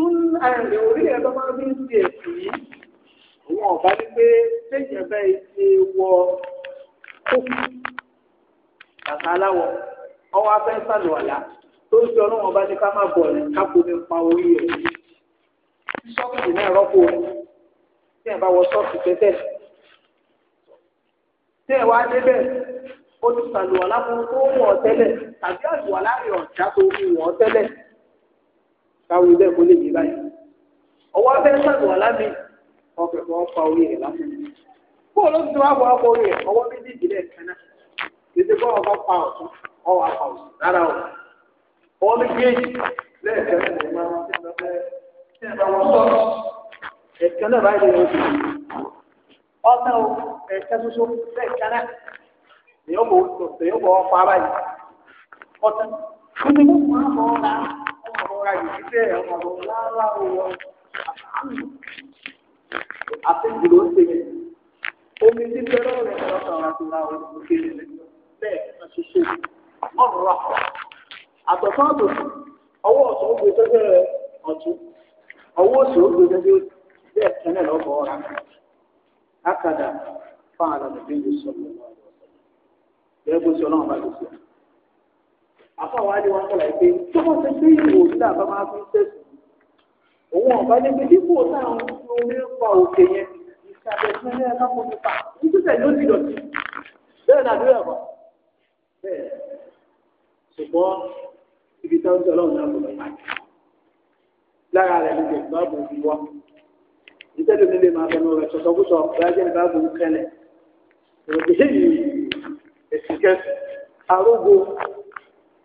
tún àrẹ̀ eh, orí ẹ̀ lọ́mọ bí ń ti ẹ̀sìn yìí àwọn ọ̀bá ní pé téèyàn bẹ́ẹ̀ ti wọ kókù bàtà aláwọ̀ ọwọ́ afẹ́ sàlùwàlá tó ń jọ ọlọ́wọ́n bá ní ká má bọ̀ ní kápò ní pa orí ẹ̀ sọ́ọ̀kì náà rọ́pò rẹ̀ tí ẹ̀ bá wọ sọ́ọ̀kì pẹ́tẹ́ tí ẹ̀ wá débẹ̀ ó ti sàlùwàlá fún tó wọ̀ tẹ́lẹ̀ tàbí àlùwàlá rẹ̀ ọ̀já káwé bẹ́ẹ̀ kó lè yé báyìí ọwọ́ abẹ́ sàlùwà lámì ọkẹ̀ fọ́ pa orí rẹ̀ lásán bó ló ti wá bọ̀ ọ́ pa orí rẹ̀ ọwọ́ méjèèjì rẹ̀ kaná tètè bọ́ ọkọ̀ pa ọ̀tún ọwọ́ apá ọ̀tún rárá o ọwọ́ méjèèjì lẹ́ẹ̀kẹ́ ẹ̀kẹ́ náà báyìí lè rọ́ọ̀tì ọ̀tá o ẹ̀kẹ́ soso lẹ́ẹ̀kẹ́ náà èèyàn bò ó pa báyìí ọ̀tá kó ti mú wọn bọ̀ ọ́ nípa ìdílé ọ̀rọ̀ rárá omi tí bẹ́rẹ̀ rẹ̀ lọ́sọ̀ àti ìlà òun kéde bẹ́ẹ̀ ká ṣoṣo ọ̀rọ̀ fáwọn yìí bá àfọwádìí wọn sọ̀rọ̀ pé tí wọ́n òun ọ̀bá ní pé dípò ń pa òkè yẹn ìṣàbẹ̀ fún ẹ̀ lọ́kùn mi pa nítorí ló ti dọ̀tí bẹ́ẹ̀ náà lórí ẹ̀kọ́ bẹ́ẹ̀ ṣùgbọ́n ibi táwọn sọ̀rọ̀ náà kò lọ́ọ́ lára rẹ̀ ní ìgbà bò ń wá ìtẹ́lẹ̀ lè máa fẹnu rẹ̀ sọ̀tọ̀kùsọ̀ ìyájẹ́ ìbá bò ń kẹlẹ̀ ìròyìn èyí èsì kẹsì arógo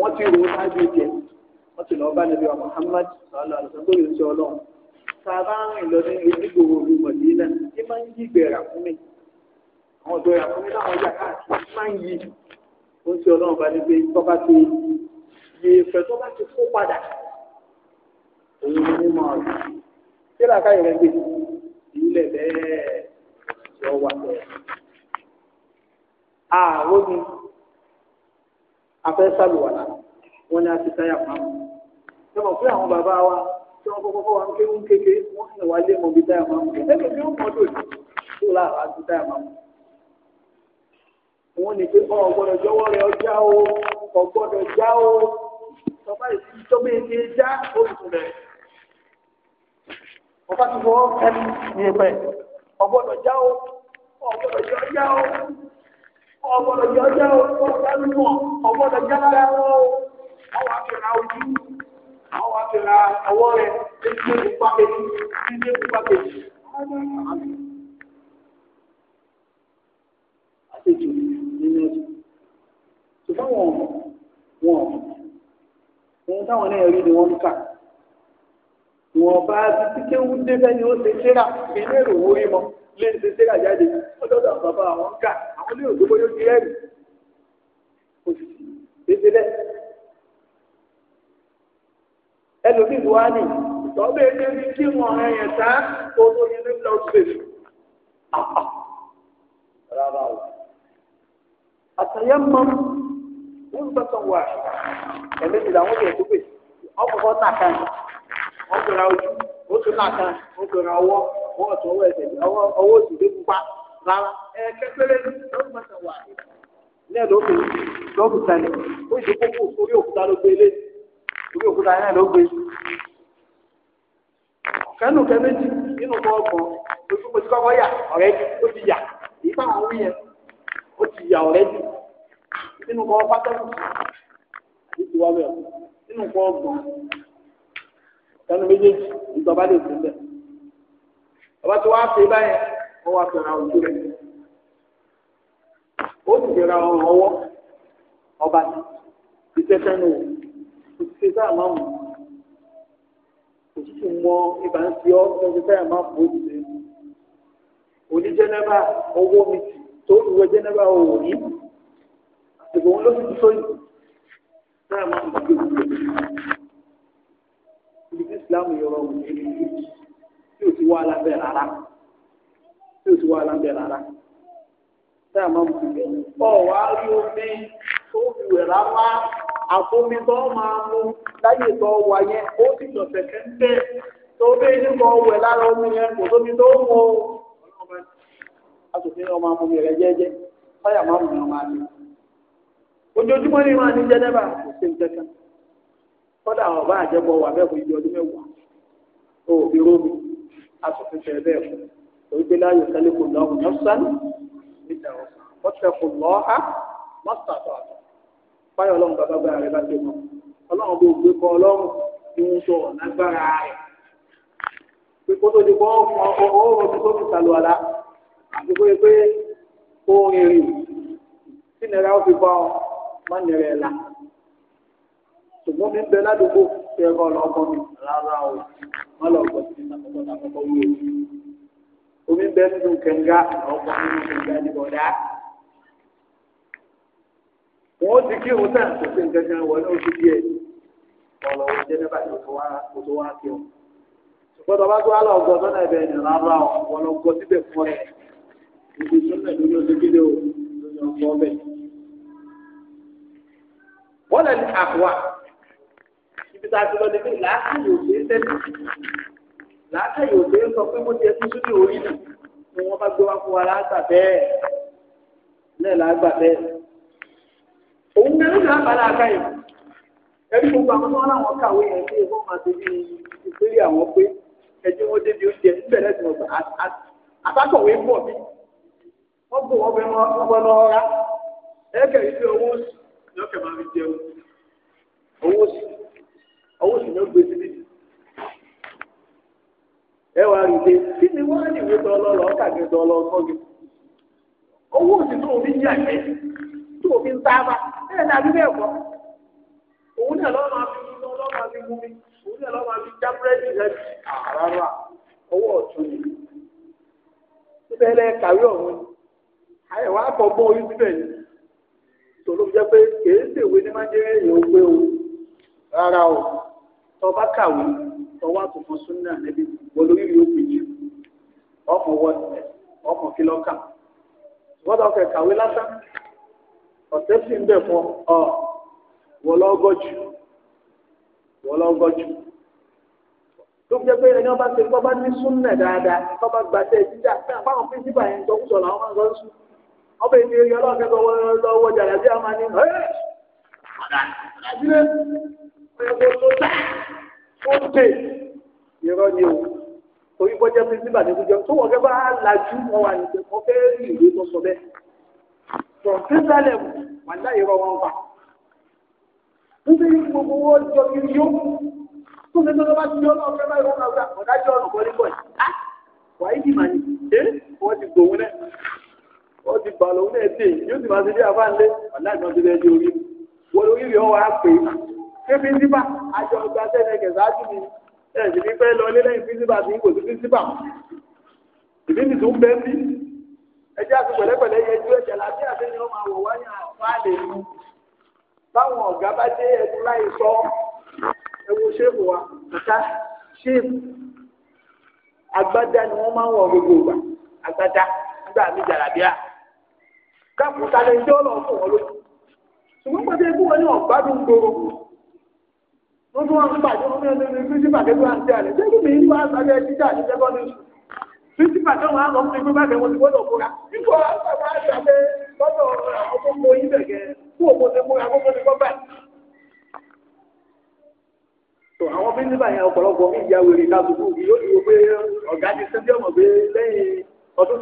wọ́n ti rò ó lájú ìjẹ́ wọ́n ti lọ́ọ́ bá nàbí wa Muhammad sallallahu alaihi wasallam lórí iṣẹ́ ọlọ́run tá a bá rìn lọ ní ojúgbòho ìlú Mọ̀dínà ní máa ń yí ìgbẹ̀rà fún mi àwọn ìgbẹ̀rà fún mi ọlọ́run bá ní pé ti yé ìfẹ́ tó ti kó padà òun ni mímọ́ rẹ̀ kí làákàyè rẹ̀ gbé ìlẹ̀ bẹ́ẹ̀ yọ wà bẹ́ẹ̀ àwọn ni afẹ́ sálùwàlà wọn ni a ti táyà pa mọ́ ẹ mọ̀ pé àwọn bàbá wa tí wọ́n kọ́kọ́ wá ń ké ń kéke wọ́n sì wá lé mọ̀ bí táyà máa mú ẹ kò fi ń mọ́ dòdì tó láàrá ti táyà máa mú. wọ́n ní pé ọ gbọ́dọ̀ jọ̀wọ́ rẹ ọjà o ọ gbọ́dọ̀ já o ọba ìsìn tọ́gbẹ́ ẹni já olùkùn rẹ̀ ọba ti fọwọ́ kẹ́ni ní ẹgbẹ́ ọ gbọ́dọ̀ já o ọ gbọ́dọ̀ jọ já o ọgbọ́dọ̀ jẹ́ ọjọ́ ọgbọ́dọ̀ dánú mọ̀ ọgbọ́dọ̀ jẹ́ lára wọn o àwọn àfẹ́ra ojú àwọn àfẹ́ra ọwọ́ rẹ̀ ilé pupa kejì ilé pupa kejì. àtẹ̀jù nínú ẹ̀sùn ṣùgbọ́n wọn wọn ohun táwọn náà rí ni wọ́n ń kà wọn bá ti kéwú débẹ́ ni ó ṣe ṣẹ́ra ilé ìròwó rí mọ́. lè ṣe ṣe àjáde ọdọọdọ àwọn bàbá àwọn ká àwọn ní òṣogbo yóò di ẹrù òṣìṣì ṣeṣe lẹ. ẹlòmíì tó wá ní ìtọ́bẹ̀ ẹgbẹ́ mi kí wọn ọ̀rẹ́ yẹn tá owó yẹn ní lọ sí rárá o wà ẹ̀mí tó ọkọ̀ ọkọ̀ ra ojú ó tún ó ọwọ́. ọwọ́ ọ̀tún ọwọ́ ẹsẹ̀ ọwọ́ ọwọ́ òsì lé pupa rárá ẹ lọ́wọ́ máa tàn ní ẹ̀ lóko lọ́ọ̀kù ó kókó orí òkúta ló gbé lé orí òkúta kẹ́nu nínú kọ́ yà ọ̀rẹ́ ó ti yà èyí wí yẹn ó ti yà ọ̀rẹ́ jù nínú kọ́ ọba tó wá ṣe báyẹn wọ́n wá fẹ́ra ojú rẹ̀ ó sì fẹ́ra ọrùn ọwọ́ ọba ní iṣẹ́ sẹ́nu o òṣìṣẹ́ sáà máa mú òṣìṣẹ́ mọ ibà ń fi ọ́ ṣẹ́jú sáà máa mú òṣìṣẹ́ òní jẹ́nẹ́bà owó mi tó ìwé jẹ́nẹ́bà òní àtìgbò wọn ló ti sóyè sáà máa mú òṣìṣẹ́ ìdílé Islam yọrọ òní tí ò wá lábẹ́ rárá tí ò ala wá lábẹ́ rárá tá a máa mú un bẹ́ẹ̀. ọ̀ wá rí omi tó fi wẹ̀ rárá àfomi tó máa mú láyé tó wà yẹn ó sì lọ̀sẹ̀ kẹ́ńtẹ́ tó bí nípa wẹ̀ lára omi yẹn kò tóbi tó mú o. asòfin ọmọ amúmi rẹ jẹ́jẹ́ fáyà máa mú ọmọ ojoojúmọ́ ni asòfúnfẹ bẹ́ẹ̀ fún torí pé láàyè sálẹ kò lọ àwọn nọsán níta ọsàn ọtẹ kò lọ ha mọsítà tó àtọ báyọ Ọlọ́run bàbá gbára rẹ bá ti mọ Ọlọ́run bó gbé kọ Ọlọ́run ní ń sọ ọ̀nàgbára rẹ pé tó di kó ọ̀hún ọ̀hún tó ti sàlù àlá àti pé pé kó rìnrìn tí nira ó fi bá ọ má nira ẹ̀ la ṣùgbọ́n mi bẹ ládùúgbò tí ẹ kọ́ ọ lọ́kọ́ mi rárá o wọn lọ bọ síbi sàkókò sàkókò wúwo omi bẹ nínú kẹńgá ọkọ nínú kẹńgá ní bọdá wọn ó ti kí òun tàn tó ṣe nǹkan kan wọlé oṣù díẹ̀ ọ̀rọ̀ òun jẹ́ nípa ìṣòwò wa kó tó wá kí ọ ṣùgbọ́n tọ́ba tó wá lọ gbọ́ sọ́nà ẹ̀bẹ̀ ẹ̀yìn rárá o wọn lọ gbọ́ síbẹ̀ fún ẹ ìṣe sọ́nà lórí ọjọ́ kéde o lórí ọgbọ́ bẹ́ẹ̀. wọ́n lẹ́ni àkùwà ibi tá a ti lọ ní pé làákàyè òde sẹ́ni làákàyè òde sọ pé mo jẹ tuntun ní orí nì ni wọ́n bá gbé wá fún wa láàgbà bẹ́ẹ̀ náà láàgbà bẹ́ẹ̀. òun ní ẹni náà balẹ̀ àkàyè ẹni gbogbo àwọn tó wọn làwọn kàwé yẹn sí ẹgbọ́n máa ti bí ìpínlẹ̀ àwọn pé ẹjọ́ wọn débi oúnjẹ níbẹ̀ lẹ́sìn ọgbà àtàkọ̀wé pọ̀ bí wọ́n bò wọ́n bẹ́ẹ̀ wọ́n lọ rà ẹ̀kẹ́ ìfẹ́ owó oṣù lọ́kẹ̀ máa fi jẹun owó oṣù. ọwọ́ sì ní ó gbé ẹ wá rí i pé kí ni wọ́n á lè gị tọ́lọ́ lọ kàgbé tọ́lọ́ sọ́gi. owó sì tó omi yà pé tó omi ń sáábà ẹ̀ ní àbí bẹ́ẹ̀ kọ́. òun náà lọ́wọ́ máa fi mú lọ́wọ́ máa fi mú mi òun náà lọ́wọ́ máa fi já búrẹ́dì rẹ̀ ọwọ́ ọ̀tún ni. síbẹ̀ lẹ́ kàwé ọ̀hún rárá o. tọba kàwé tọwọ́ àtúntàn súnà níbi wọlé orí yóò pè jù ọmọ wọlé ọmọ kìlọ́kà gbọ́dọ̀ kẹ kàwé lásán ọ̀tẹ́ sì ń bẹ̀ fún ọ wọlọ́gọ́jù wọlọ́gọ́jù tó jẹ́ pé ẹni ọba ti gbọ́ bá ní súnà dáadáa tọ́ba gbàtẹ́ jíjà fáwọn píńsípà yẹn tó ń sọ làwọn máa ń sọ sùn ọba èmi rí ọlọ́ọ̀kẹ́ tó wọ́n lọ́wọ́ jàdá sí àwọn àní kòkòtò tá ó dé irọ́ ni o torí bọ́jẹ́ pé nígbà tó jẹun tó wọ́n fẹ́ bá lajú wọn wà nígbà wọn fẹ́ rí ìwé tó sọ bẹ́ẹ̀ from central level wà láì rọ wọn wà nítorí gbogbo wọn jọ kiri yó tó ṣe tó lọ́ bá ti yọ náà fẹ́ bá ìwọ́n náà gbà ọ̀dájọ́ ọ̀nà bọ́lí bọ̀ yìí wà á yìí mà ní ẹ́ wọ́n ti gbòun náà wọ́n ti bàlọ́ náà dé yóò sì máa ṣe bí afáńlé wà láì náà ti rẹ́ di orí wọ́n lórí rẹ̀ wọ́n wá pè é kébi síbà àjọ ọgbà sẹ́nẹ̀kẹ̀ sáájú mi ẹ̀sìn ní pẹ́ lọ lélẹ́yìn físíbà tí kò sí físíbà ìdí mi tó ń bẹ́ sí ẹjẹ́ àti pẹ̀lẹ́pẹ̀lẹ́ yẹ ju ẹ̀jẹ̀ láti àtẹ̀yìn ọmọ àwọ̀ wáyà fáàlì mu báwọn ọ̀gá bá dé ẹnu láì sọ ẹ wo ṣéèfù wa ìta ṣéèfù agbádá ni wọ́n máa ń wọ̀ gbogbo ìgbà agbádá nígbà mí jàlábíà káàpù talẹ̀ ń jọ́ lọ́ọ̀ fún wọn lójú ikú wọn ní ọ̀gbádùn gbòòrò ó tún wọn pàdé wọn ní ọdún ní tó wà ń tẹ àlẹ jẹ́kí mi wá sáré títà ní sẹ́kọ́ndì fíjìpà tó wọn á lọ fún ìgbébà kẹwọn ti gbọ́dọ̀ fúra nígbà wọn á sábà á lọ́dọ̀ àkókò mọ ibẹ̀ gẹ kó ti múra àkókò ti kọ́ báyìí. tó àwọn fíjìpà yẹn ọ̀pọ̀lọpọ̀ mi ìyá wèrè kábùkù yóò dúró pé ọ̀gá ti sẹ́ńdí ọmọ pé lẹ́yìn ọdún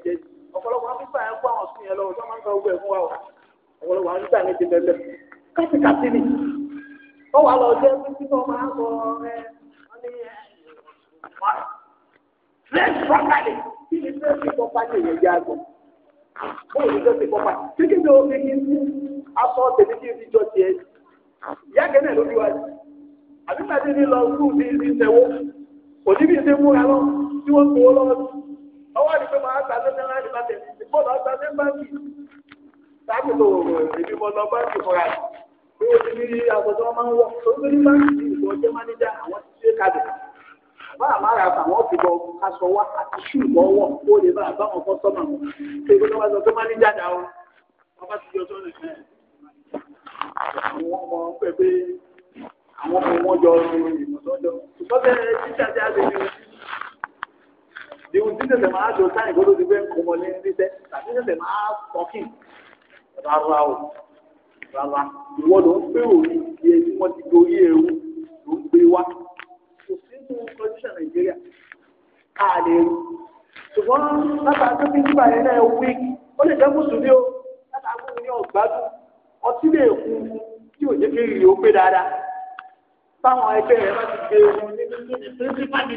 ti ọ̀pọ̀lọpọ̀ wọn nígbà yẹn kó àwọn sùn yẹn lọ ọjọ́ máa ń gba owó ẹ̀fún wa wà ọ̀pọ̀lọpọ̀ wọn nígbà yẹn ti bẹ̀rẹ̀ kátìkátì ni ó wà lọ jẹ́ pé tí wọ́n máa ń sọ ẹ wọ́n ní ẹ fresh properly kí ni fresh properly yẹn jẹ́ àgbọ̀ bóyá ní fresh properly kí kí ni o fi kí ní aṣọ tèmi kí n fi jọ tiẹ̀ ìyá kẹ́nẹ̀ ló fi wá sí àbí màdé ni lọ sùn ní ìṣẹ̀wó òní bí ṣe múra lọ tí wọ́n ọwọ́ àdìgbò máa gbà sẹ́sẹ́ láti bá tẹ̀ ìfọ́ lọ gbà sẹ́ báńkì láti lò èmi mo lọ báńkì fúnra rẹ̀ bí o ti ní agbọ̀dọ̀ máa ń wọ̀ lórí ní báńkì ní ìbò ọjọ́ máníjà àwọn ti ṣe kalẹ̀ bá a máa ra àwọn ti bọ aṣọ wa àti ṣùgbọ́ wọ̀ kó lè bá a bá wọn fọ́ sọ́mà wọn ṣe ìgbọ́dọ̀ wá sọ pé máníjà dà o wọ́n bá ti di ọjọ́ nìkan àwọn ọmọ pẹ̀pẹ́ àwọn ọmọ jọ ìmọ̀tọ́jọ ṣùgbọ́n ìhun tí tẹ̀sẹ̀ máa jọ sáyìn gbọ́dọ̀ ti fẹ́ ń kọmọ lé níṣẹ́ tàbí tẹ̀sẹ̀ máa sọ́kìn rárá o rárá ìwọ ló ń pé òní iye tí wọ́n ti gorí ewu ló ń gbé wá kò sí fún kọ́síṣà nàìjíríà káàlẹ́ ewu ṣùgbọ́n lábàá tó fi nígbà yẹn náà wí ó lè jẹ́ mùsùlùmí o látàá fún mi ní ọ̀gbádùn ọtí lè kú tí ò jẹ́ kí rírì ó pé dáadáa táwọn ẹgbẹ́ rẹ̀ bá ti gbé ewu ní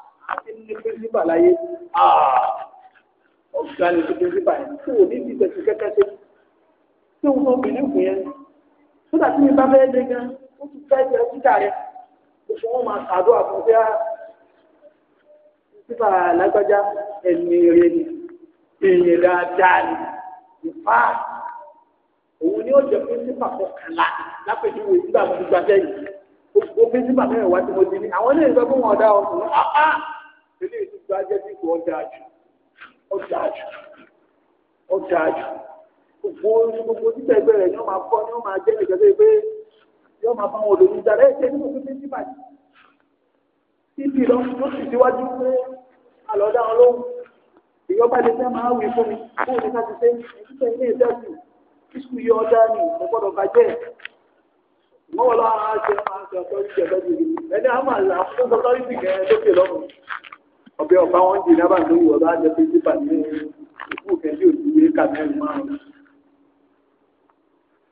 àti ní pírísípà láyé ah, ọ̀gá ni ti pírísípà yẹn tí ò ní ti tẹ̀sí kẹ́kẹ́ ṣe tí òun tó bìnrin kù yẹn sódà tí mi bá fẹ́ dé gan ó ti fẹ́ jẹ títà rẹ oṣù wọn máa ṣàdó àfọ̀nfẹ́ pírísípà ah, lágbájá ẹ̀mí rẹ ni èèyàn dáadáa ni ìfá òun ni ó jẹ pírísípà kọkànlá lápẹjúwe nígbà mo ti gbà sẹ́yìn gbogbo pírísípà mẹ́rin wá tí mo ti ní àwọn ilé ìgbà fún wọn ọ̀dà ọ̀sùn ah, eléyìí tó gba jẹ́ bí kò ọ́ dáa jù ọ́ dáa jù ọ́ dáa jù gbogbo gbogbo títẹ̀ ìbẹ̀rẹ̀ ni wọ́n máa kọ́ ni wọ́n máa jẹ́ ìjọba pé yóò máa bá wọn lòdì ìdára ẹ̀ ṣe ní kòkó tó ti bàjẹ́ títí lọ tó sì síwájú pé àlọ́dá wọn lóhùn ìyọba lè fẹ́ máa wí fún mi fún mi láti ṣe ìtúsẹ̀ ilé ìdásù kíkú yọ ọ́ dání mo gbọ́dọ̀ bàjẹ́ mọ́wọ́lá ara ṣe máa ń sọ ọ̀tọ́ ìjẹ̀bẹ́ ọbẹ̀ ọba wọn jì náà bá ń lórí ọba àjẹ pé pípa ní ìkú kẹ́ndí òsì yé kàmẹ́rin márùn.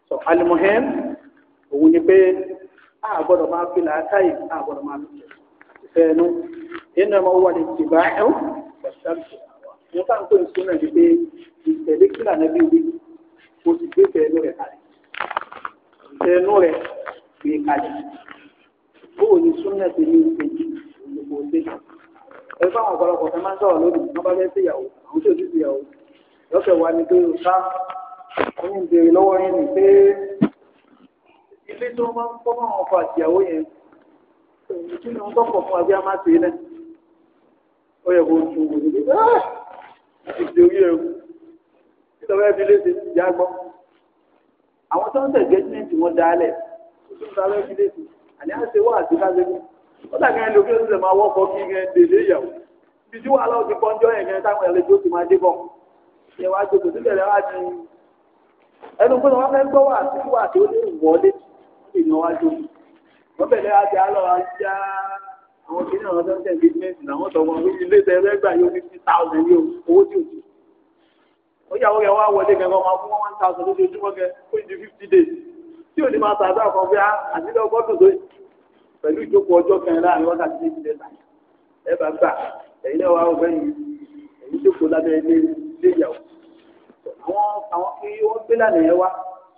sọ alimohem òun ni pé a gbọ́dọ̀ máa fi làákàyè a gbọ́dọ̀ máa fi ìfẹ́ ẹnu iná máa wà ní ìgbà ẹ̀hún pẹ̀sẹ́ǹtì àwọn táwọn tó ń sún náà ni pé ìtẹ̀lé kílà náà bí wí o sì gbé ìfẹ́ ẹnu rẹ̀ kalẹ̀ ìfẹ́ ẹnu rẹ̀ gbé kalẹ̀ bóò ni ẹ fáwọn ọ̀pọ̀lọpọ̀ ẹ máa ń sọ̀rọ̀ lónìí wọ́n bá lẹ́sẹ̀ ìyàwó àwọn tó ti ti ìyàwó lọ́sẹ̀ wa ni pé o ká oyún béèrè lọ́wọ́ yẹn ni pé ilé tó máa ń kọ́ máa ọkọ̀ àti ìyàwó yẹn kí ni wọ́n tọ́pọ̀ fún abíyá má náà ó yẹ kó o tún wò ní bí ti ti ẹ̀rù kí lọ́wọ́ ẹ̀ fi léṣe ìyá gbọ́ àwọn tó ń tẹ̀ gẹ́tímẹ̀ntì wọn dálẹ̀ kó tún ta lọ́ọ́ ó dàgbà ẹ lókè ṣẹlẹ̀ máa wọ́kọ̀ kí ẹ délé yẹ̀wò ibi tí wàhálà ti kọ́njọ́ yẹn kẹ́ táwọn ẹlẹ́jọ́ ti máa dé bọ̀ ṣe wá jòkó sílẹ̀ rẹ wá di ẹnu pé wọ́n fẹ́ gbọ́ wà sí wà tó lè wọlé ìnà wá jòkó wọ́n bẹ̀rẹ̀ á ti àlọ́ ajá àwọn kìíní àwọn tó ń tẹ̀ bísíǹsì làwọn tọmọ ilé tẹ́lẹ̀ gbà yóò fifty thousand yóò owó tí ò ó yà wọ́n yẹ wá wọlé kẹ́ wọ́n máa fún one thousand lójoojúmọ́ kẹ́ fún ìdí fifty days tí ò ní máa tàdá ọkọ̀ bí i àti lọ́gbọ́dún tó yìí pẹ̀lú ìjókòó ọjọ́ kẹrin láàrin wákàtí méjì lẹ́ta ẹ bá gbà ẹ̀yin náà wà ọgbẹ́ yìí ẹ̀yin jókòó lábẹ́ ilé ilé ìyàwó àwọn àwọn kí wọ́n gbé lànà yẹn wá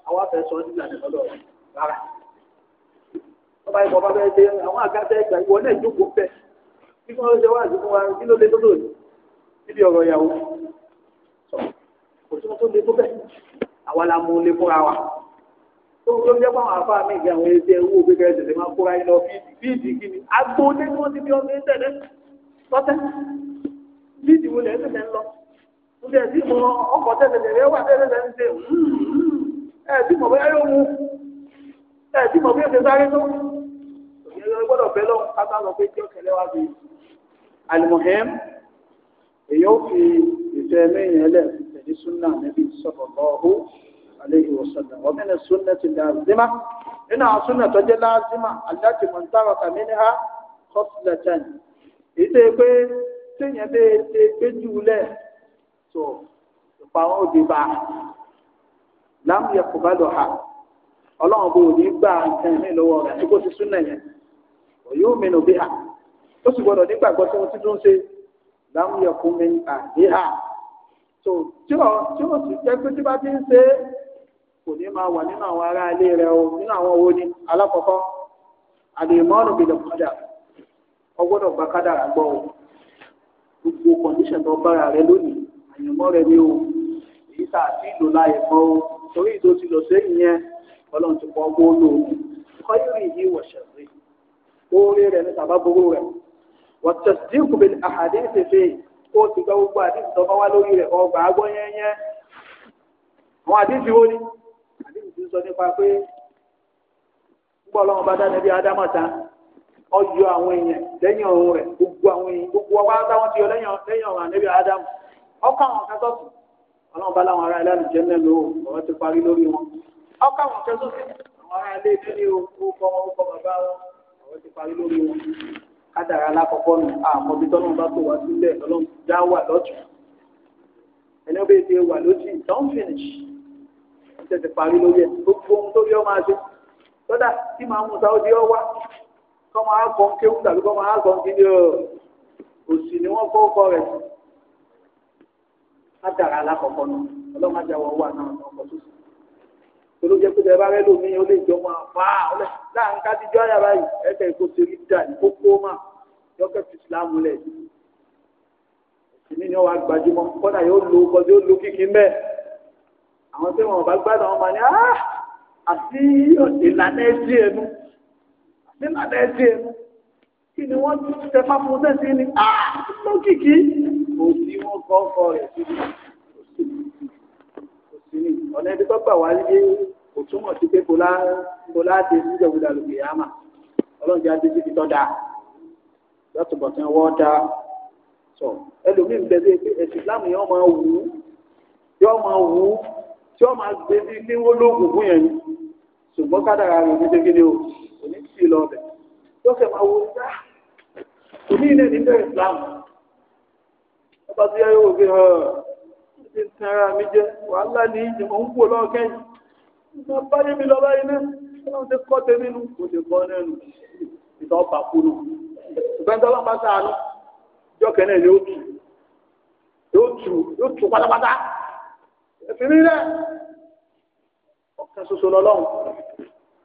àwọn afẹ́ sọ ní ìlànà lọ́dọ̀ rárá wọ́n bá yẹ kọ́ bá bẹ́ẹ̀ dé àwọn àgàtẹ́ ìgbà ìwọ náà jókòó fẹ́ kí wọ́n ṣe wá àdúgbò wa kí ló lé tó lòdì níbi ọ̀rọ̀ ìyàwó kò tó ló jẹ́ fáwọn afá mi ìgbà àwọn ẹsẹ̀ owó kékeré tètè máa kóra yín lọ fíìdì fíìdì kí ni agbo lé ní wọ́n ti fi ọdún tẹ̀lé tọ́tẹ́ fíìdì wo lẹ́yìn tẹ̀lé ń lọ níbi ẹ̀sì mọ ọkọ̀ tẹ̀lé tẹ̀lé wà tẹ̀lé tẹ̀lé ń ṣe hmm. ẹ̀sì mọ̀ bóyá yóò mu ẹ̀sì mọ̀ bí ẹ̀sẹ̀ sáré tó ìyẹn gbọ́dọ̀ bẹ́ lọ kátà lọ pé jẹ́ kẹlẹ́ wá bí alimohem èyí ó fi ìfẹ́ mẹ́rin ẹlẹ́ alayhi wa sallam wa min as-sunnati al-lazima nínú àwọn súnà tó jẹ́ láàzímà allati man taraka minha khaslatan èyí tó yẹ pé téèyàn lè ṣe gbéjú lẹ̀ tó ìpàwọn òbí bá lam yaqbaluha ọlọ́run bò ní gbà nǹkan mi lọ́wọ́ rẹ̀ tí kò ti súnà yẹn yu'minu biha ó sì gbọdọ̀ nígbàgbọ́ tí wọ́n ti tún ṣe lam yakun min ahliha tó tí ó tí ó sì jẹ́ pé tí bá ti ń ṣe é kò ní máa wà nínú àwọn ará ilé rẹ o nínú àwọn owó ni alákọ̀ọ́kọ́ àlèmọ́ọ̀nù bìlẹ̀ kọ́dà ọgbọ́dọ̀ gba kádàrà gbọ́ o gbogbo kọ̀ǹdíṣàn tó bára rẹ lónìí àyànmọ́ rẹ ni o èyí tà sí ìlò láàyè mọ́ o torí ìdó ti lọ sẹ́yìn yẹn ọlọ́run ti pọ̀ ọgbọ́n olóògùn kọ́yìnrì yìí wọ̀ṣẹ̀ rẹ̀ oore rẹ̀ ní tàbá gbogbo rẹ̀ wọ̀tẹ̀síkù bẹ̀lẹ̀ àhàdé o ti gbọ́ gbogbo àdéhùn tó bá wá lórí rẹ̀ ọgbà agbọ́yẹ́yẹ́ àwọn ti sọ nípa pé gbọ́ ọlọ́run bá dáná bí ádámọ̀ tán ọyọ àwọn èèyàn lẹ́yìn ọ̀run rẹ̀ gbogbo àwọn èèyàn gbogbo ọba táwọn ti yọ lẹ́yìn ọ̀run ànẹ́bí ádámù ọkọ àwọn kan sọ̀tún ọlọ́run bá láwọn ará ilé àlùjẹ́ náà lò ọ̀rọ̀ ti parí lórí wọn ọkọ àwọn kan sọ̀tún àwọn ará ilé ìdílé orúkọ wọn orúkọ bàbá wọn ọ̀rọ̀ ti parí lórí wọn kádàrá alákọ̀ọ́kọ́ nù àmọ́bí tọ́lọ́run bá tó wá sílẹ̀ ọlọ́run já wà lọ́tún ẹni ó bèèrè wà lójú ìtàn finish iṣẹ́ ti parí lórí ẹ̀ gbogbo ohun tó yọ máa ṣe lọ́dà tí màá mú sáwọ́dí ọ wá kọ́ máa kọ́ ń kéwù tàbí kọ́ máa kọ́ kí ni ọ òsì ni wọ́n kọ́ kọ́ rẹ̀ sí. á dàrá alákọ̀ọ́kọ́ náà ọlọ́run á jáwọ́ wà náà ọkọ̀ tó sì. toló jẹ́ pé bẹ́ẹ̀ bá rẹ́ lómi ó lè jọ máa fà á ọ̀lẹ́ láàrin ká ti jọ́ yàrá ẹ̀kẹ́ ìkó ti rí dà ní kókó mà yọkẹ́ ti sìlámù lẹ̀. ìní ni wọ́n wá gbajúmọ̀ kọ́dà yóò lo kọ́ àwọn tí wọn bá gbádùn àwọn máa ní ah, àti ìlànà ẹsẹ ẹnu àti ìlànà ẹsẹ ẹnu kí ni wọn tẹfà fún sẹsẹ ni ah, lókìkí kò sí wọn kọ ọkọ rẹ síbi kò sí ni ọ̀nà ẹni tó gbà wá yé kò túmọ̀ sí pé kòlá kòlá ti síjọ gbọdọ̀ lòkè yá mà ọlọ́run jẹ́ àti síbi tọ́ da lọ́tùbọ̀ tí wọ́n da sọ ẹlòmíín bẹ́ẹ̀ bẹ́ẹ̀ ẹ̀sìn láàmù yẹn wọ́n máa wù ú yọ́n máa wù ú tí wọ́n máa gbé bí kí wọ́n lóògùn fún yẹn ni ṣùgbọ́n kádàrà rẹ̀ ní kékeré o kò ní sí lọ bẹ̀ lọ́sẹ̀ máa wo dá kò ní ilé nílẹ̀ Islam ọba tí yáyọ òfin ọ̀ ti tan ara mi jẹ wàhálà ní ìjìnbọn ń kó lọ́wọ́ kẹ́yìn nígbà bá yé mi lọ báyìí náà wọ́n ti kọ́ tèmi nu kò lè bọ́ nẹ́nu ìtọ́ ọ̀pá kúrò ṣùgbọ́n tí wọ́n bá sáà nù ẹ̀fìrí rẹ̀ ọ̀kan ṣoṣo lọ́lọ́run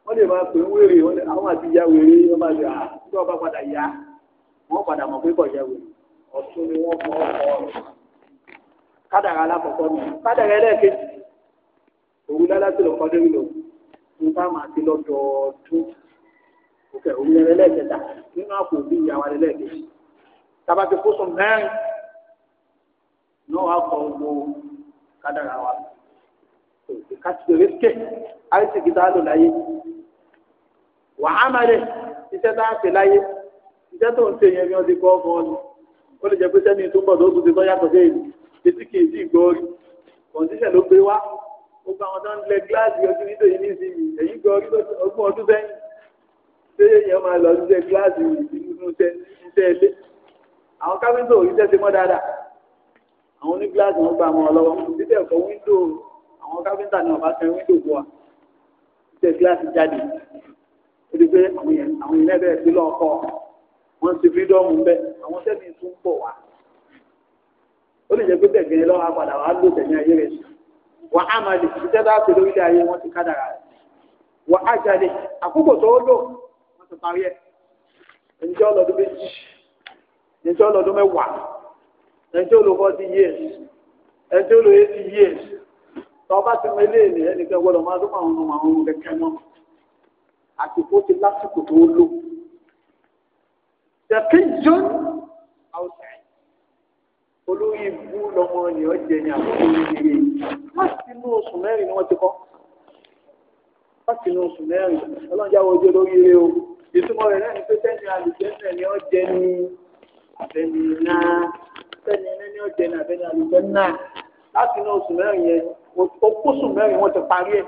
wọ́n lè máa pè ń wèrè àwọn àti ìyá wèrè wọ́n máa lè à nígbà wọ́n bá padà yá wọ́n padà mọ̀ pé kọ̀ ìyá wèrè ọ̀tún ni wọ́n fọ́ ọ̀pọ̀ ọ̀rọ̀ kádàrá alákọ̀ọ́kọ́ mi kádàrá ẹlẹ́ẹ̀kejì òwú lálásì lọ kọ́ lórí lò ní bá máa ti lọ́dọọdún òkè òwú ẹlẹ́ẹ̀kẹta nínú àpò òbí ìyá wa ẹlẹ́ẹ̀kejì tabati kó mẹ́rin náà wà kọ́ gbogbo kádàrá wa kàtìkèrè ké àìsìkì tá a lò láyé wà á máa lè iṣẹ́ tá a ṣe láyé iṣẹ́ tó ń ṣe yẹn bí wọ́n ti gbọ́ gan ni ó lè jẹ́ pé sẹ́ni tó ń bọ̀ tó tún ti tọ́ yàtọ̀ sí èyí etí kì í sí ìgbọ́ọ̀rì kọ̀ǹtíṣẹ̀ ló gbé wá gbogbo àwọn tó lẹ gíláàsì ọdún nítorí ní ìsinyìí èyí gbọ́ọ̀rì ogún ọdún sẹ́yìn tẹ́lẹ̀ yẹn máa lọ sí gíláàsì ìdí nínú iṣẹ́ àwọn káfíńtò òrìṣẹ́ ti mọ́ dáadáa àwọn onígíláàsì wọn gba àwọn ọlọ́wọ́ títẹ̀ fọ wíńdò àwọn káfíńtà ni ọba tẹ wíńdò bọ́ wa títẹ̀ gíláàsì jáde ó di pé àwọn yẹn àwọn yẹn bẹ̀rẹ̀ sí lọ́ọ̀kọ́ wọn ti fídọ́ọ̀mù ń bẹ àwọn sẹ́mi tún pọ̀ wá ó lè jẹ́ pé tẹ̀gbìn lọ́wọ́ apàdà wàá lò tẹ̀mí ayé rẹ̀ wà á máa lè ṣiṣẹ́ bá ṣe lórílẹ̀ ayé wọn ti kádàrà rẹ̀ wà á jáde àkókò tó ó lò wọn ti parí ẹ̀ ẹnjẹ́ ọlọ́dún méjì ẹnjẹ́ ọlọ́dún mẹ́wàá ẹni tí ó lò forty years ẹni tí ó lò eighty years tọ́ bá ti mọ eléyìí ẹnìkan gbọ́dọ̀ máa dúpọ̀ àwọn ọmọ àwọn ọmọ kẹ̀kẹ́ náà àsìkò ti lásìkò tó lò ṣèké john outside olórí ibú lọmọ ènìyàn jẹ ní àwọn olóyè láti inú oṣù mẹ́rin ni wọ́n ti kọ́ láti inú oṣù mẹ́rin ọlọ́njà wo ojú olórí rẹ o ìtumọ̀ rẹ̀ náà ni pé sẹ́ni àlùjẹ́ náà ni wọ́n jẹ ní àbẹ̀mí náà sẹ́ni ẹlẹ́ni ọ̀jẹ̀ ní abẹ́ni àlùjẹ́ náà láti inú oṣù mẹ́rin yẹn okóṣù mẹ́rin wọ́n ti parí ẹ̀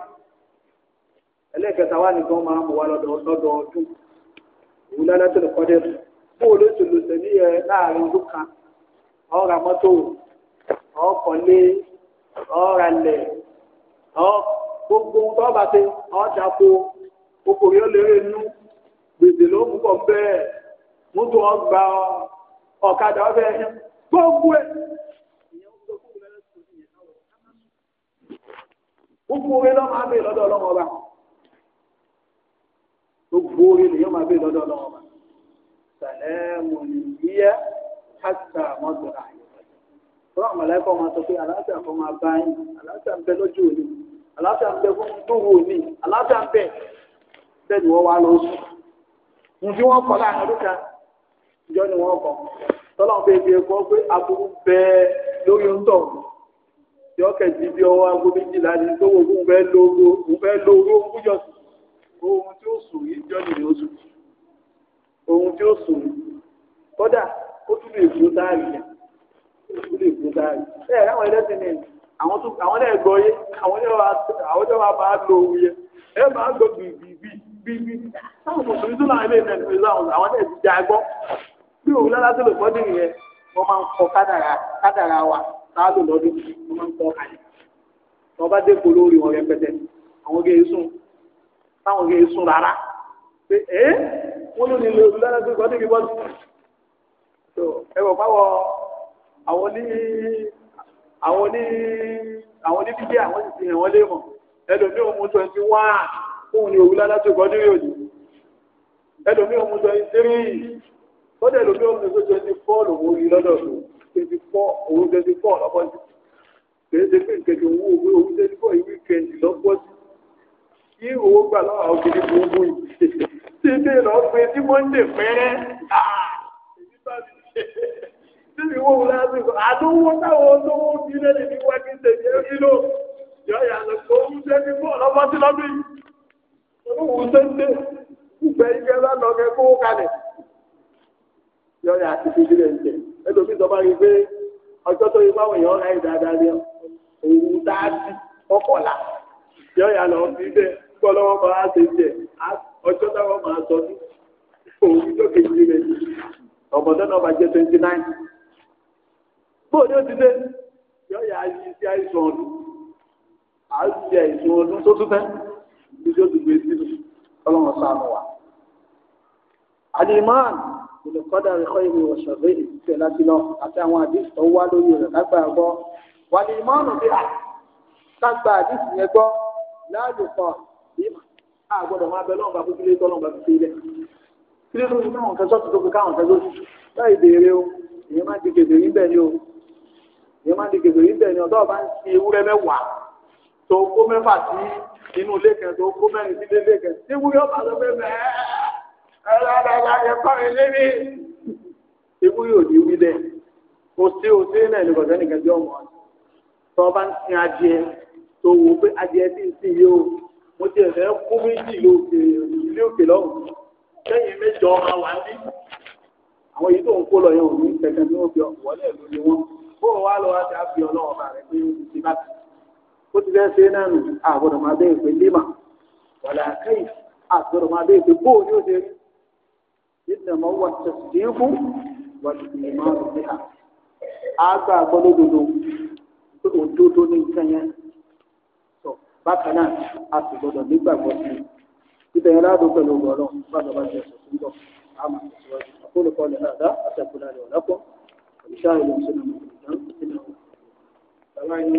ẹlẹ́ẹ̀kẹta wà nìkan máa mú wa lọ́dọọdún òun lálẹ́tò lè kọ́dẹ̀ fún olóṣù lọ́sẹ̀ ní ẹ láàrin ọdún kan ọ̀ra mọ́tò ọ̀kọ̀lé ọ̀ralẹ̀ gbogbo ohun tó bá ṣe ọ̀dàpọ̀ okòrí olóore nú gbèsè ló mú pọ̀ bẹ́ẹ̀ mú tó ọgbà ọ̀kadà ọ̀fẹ́ gbogbo ẹ̀. gbogbo orí lọ́mọ abẹ́ lọ́dọ̀ ọlọ́wọ́ ọba gbogbo ọba sàlẹ́mù nìyíyẹ hàtà mọ́tò àyè fúnra mọ̀lẹ́kọ̀ máa sọ pé aláṣà kan máa lọ́jọ́ òní aláṣà ń bẹ òní bẹ́ẹ̀ ni tọ́lọ́n fẹ́ fi ẹ̀kọ́ pé aburú bẹ lórí ń tọ̀ tí ọkẹ́ ti bí ọwọ́ aago méjìlá ni tó wo òun fẹ́ lo òun fẹ́ lo owó òun jọ sùn ohun tí ó sùn yìí jọ nìyẹn oṣù ohun tí ó sùn kódà ó tún lè fún dáàrí yẹn ó lè fún dáàrí ẹ àwọn ẹlẹ́sìn ni àwọn tó àwọn náà gbọ́ yé àwọn náà àwọn náà wà máa lo owó yẹn ẹ máa lo bìbìbì bìbìbì táwọn mùsùlùmí tó náà lè nà àwọn náà ti dá gbọ́ bí òun lára tó lè gbọ́dọ̀ yẹn wọ́n máa ń kọ kádàrà kádàrà wa sáádùn lọ́dún wọ́n máa ń kọ kalẹ̀ tí wọ́n bá dé kó lórí wọn rẹpẹtẹ àwọn gé sùn táwọn gé sùn rárá pé ẹ́ wọ́n ló nílò òun lára tó gbọ́dọ̀ yẹn bọ́dọ̀ tó ẹ̀rọ báwọ̀ àwọn ní àwọn ní àwọn ní bíbí àwọn ti fi hàn wọ́n lé mọ̀ ẹlòmíì òun mú twenty one òun ni òun tó gbọ́dọ̀ yẹn òdì ẹlòmíì òun mú twenty three kọ́dẹ̀ lómi ó fi twenty four lòun rí lọ́dọ̀ tó twenty four òun twenty four lọ́pọ̀ sí kìí ṣe pé nkejì owó owó òun twenty four yìí weekend lọ́pọ̀ sí kí owó gbà lọ́wọ́ àwọn gidi tó ń bú yìí títí lọ pé tí monday pẹ́rẹ́ èyí bá mi ṣe tí mi wọ́n wọlé àbíkọ́ àdówó táwọn olówó bí lẹ́lẹ̀ ní wájú tẹ̀lé ẹ̀rí lò yọ yàtọ̀ tó ń twenty four lọ́pọ̀ sí lọ́dún yìí yọ̀ọ̀yà àti fi sílẹ̀ ńlẹ̀ ẹlòmíì tó bá rí i pé ọjọ́ tó yẹ báwọn èèyàn ráyè dáadáa ni òun dáàbì ọkọ̀lá yọ̀ọ̀yà lọ fi bẹ́ kọ́ lọ́wọ́ bá a ṣe jẹ ọjọ́ táwọn máa sọ ní òun tó kejì rẹ̀ ọ̀bọ̀dọ́ náà bá jẹ́ twenty nine bó ni O ti dé yọ̀ọ̀yà yìí sí àìsàn ọdún àìsí àìsàn ọdún tó tún fẹ́ ní tí ó ti gbé sínú ọlọ́run sáà mọ̀ wá. àdìmọ́ àná olùkọ́dà rẹ̀ kọ́ ìwé ìwọ̀sọ̀rẹ́ ìtẹ̀ láti lọ àti àwọn àdìsí tó wá lórí rẹ̀ lágbà gbọ́ wà ní ìmọ̀ràn bí a lágbà àdìsí yẹn gbọ́ láàlùkọ́ ìmọ̀ àgbọ̀dọ̀ máa bẹ lọ́wọ́n bá kó kílé tọ́lọ́wọ́n bá fi ṣe ilẹ̀ kílé tó fi káwọn kẹsọ́ ti tó fi káwọn kẹsọ́ ti láì béèrè o èyí máa di gègé rí bẹ́ẹ̀ ni o èyí máa di gègé rí bẹ́ẹ̀ ni ọ̀dọ́ ọba ń sin ewúrẹ́ mẹ́wàá tó kó mẹ́fà sí inú ilé kan tó kó mẹ́rin sí ilé kan ewúrẹ́ ọba lọ ẹlọ́dọ̀dọ̀ ẹ̀kọ́ mi níbí. Ibú yóò di wí bẹ́ẹ̀. Òsè òsè náà ní kọ̀dọ̀ nìkan jẹ́ ọmọ. Tọ́ bá ń sin adìẹ tó wò pé adìẹ ti ń sìn yìí o. Mo ti ẹ̀fẹ́ kú méjì lókè ilé òkè lọ́hùn. Lẹ́yìn méjọ ọmọ wa ní. Àwọn yìí tó ń kó lọ yẹn ò ní kẹ̀kẹ́ tí wọ́n fi wọlé lórí wọn. Bóò wá lọ wá ti á fi ọlọ́wọ́ bá rẹ̀ pé ó ti bá ti. Ó ti fẹ́ ṣe náà nù. Àgbọ̀dọ̀ máa bẹ́ẹ̀ pé lé إنما هو التصديق والإيمان بها àgbà gbọ́dọ̀dọ̀dọ̀ pé òdodo ní nǹkan yẹn sọ bákan náà a sì gbọ́dọ̀ nígbàgbọ́ sí i ibẹ̀ yẹn ládùn pẹ̀lú ọ̀rọ̀ bàbá bá jẹ sọ̀tún bọ̀ a máa tẹ̀síwájú àkóòlù kọ́ni àdá àtẹ̀kùn láàrin ọ̀lẹ́kọ̀ ìṣá ìlú sínú ìdán sínú bàbá yẹn ní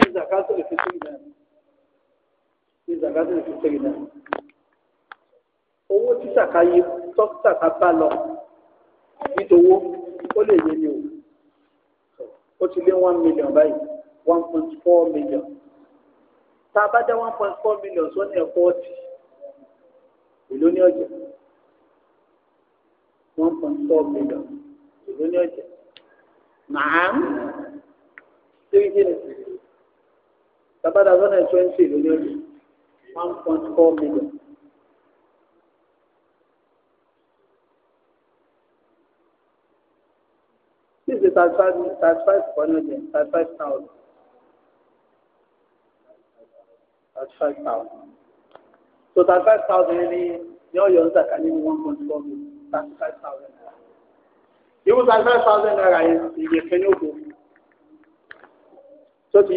bí zakato lè fi sórí náà bí zakato lè fi sórí náà owó tí sàkà yí tọ́kítà ká bá lọ nítòwó ó lè yé ni o ó ti lé one million báyìí one point four million tá a bá dá one point four million sọ ní ẹ̀kọ́ ọ̀tì èló ní ọ̀jẹ̀ one point four million èló ní ọ̀jẹ̀ màá three hundred tabata zọ́nà twenty lórí one point four million. This is thirty five thirty thirty five thousand thirty five thousand so thirty five thousand ni ni ọyọ ń sàkà nínú one point four million thirty five thousand naira thirty five thousand naira yẹn ìyẹ̀kẹ́ ní òkú tó ti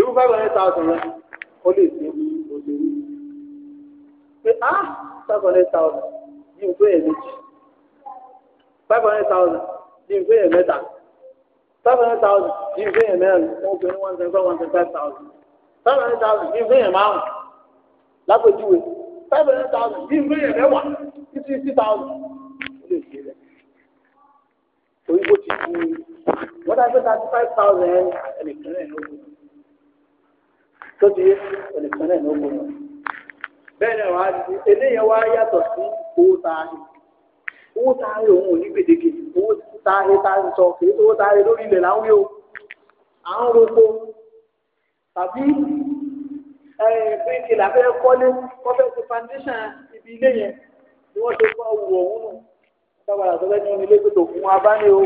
irú five hundred thousand rẹ ó lè sí òṣèlú pé ah five hundred thousand ní ìwé ẹ̀ méjì five hundred thousand ní ìwé ẹ̀ mẹ́ta five hundred thousand ní ìwé ẹ̀ mẹ́rin wọ́n gbé ní one thousand five hundred five thousand five hundred thousand ní ìwé ẹ̀ márùn lápèjúwe five hundred thousand ní ìwé ẹ̀ mẹ́wàá títí six thousand ó lè sí rẹ̀ torí bó ti kú wọ́n dá pé thirty five thousand ẹnìkan rẹ̀ ló tó ti yé ẹnìkan náà ló gbọ́dọ̀ bẹ́ẹ̀ ni àwọn àti eléyẹn wá yàtọ̀ sí owó taari owó taari òun ò ní gbèdéke owó taari taari sọ kìí owó taari lórí ilẹ̀ láwùí o à ń roko tàbí bíríkì làbẹ́ kọ́lé kọ́fẹ́ ti ibi ilé yẹn ni wọ́n ti fọ́ wù ọ̀hún nù dábàlà tó fẹ́ ní ilé tó tó fún wa bá ní o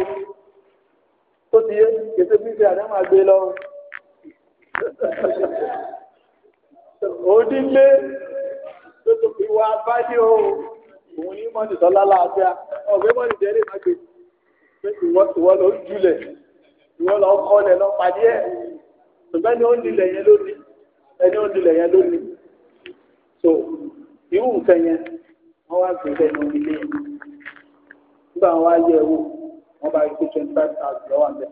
tó ti yé kìí bíríkì àdámà gbé lọ́rùn onílé tó tó fi wá bá ní o òun ní mọ́ni sọ lálàáfíà ọ̀gbẹ́ mọ́ni jẹ́rìí má gbé pé ìwọ ló ń julẹ̀ ìwọ lọ kọlẹ̀ lọ pàdé ẹ̀ ṣùgbọ́n ni ó nílẹ̀ yẹn lónìí ẹni ó nílẹ̀ yẹn lónìí so irú nǹkan yẹn wọ́n wá gbé bẹ́ẹ̀ ní ilé yẹn nígbà wọn wá yẹ̀ wò wọ́n bá rí pé twenty five thousand lọ́wọ́ àbẹ̀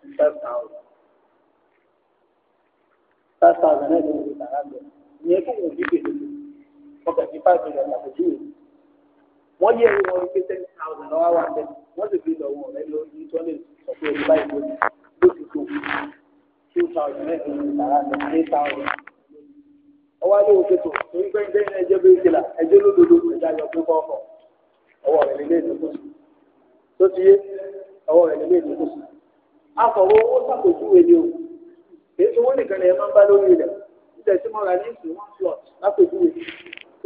twenty five thousand. five thousand náà ló ń gbé sàrà bẹ̀ ìyẹn kí wọ́n rí gbèdé wọ́n kàn fi five million àpèjú rẹ̀ èyí tí wọ́n nìkan lè máa ń bá lórí rẹ̀ níta tí mo rà ní ìsìn one slot lápèjúwe tí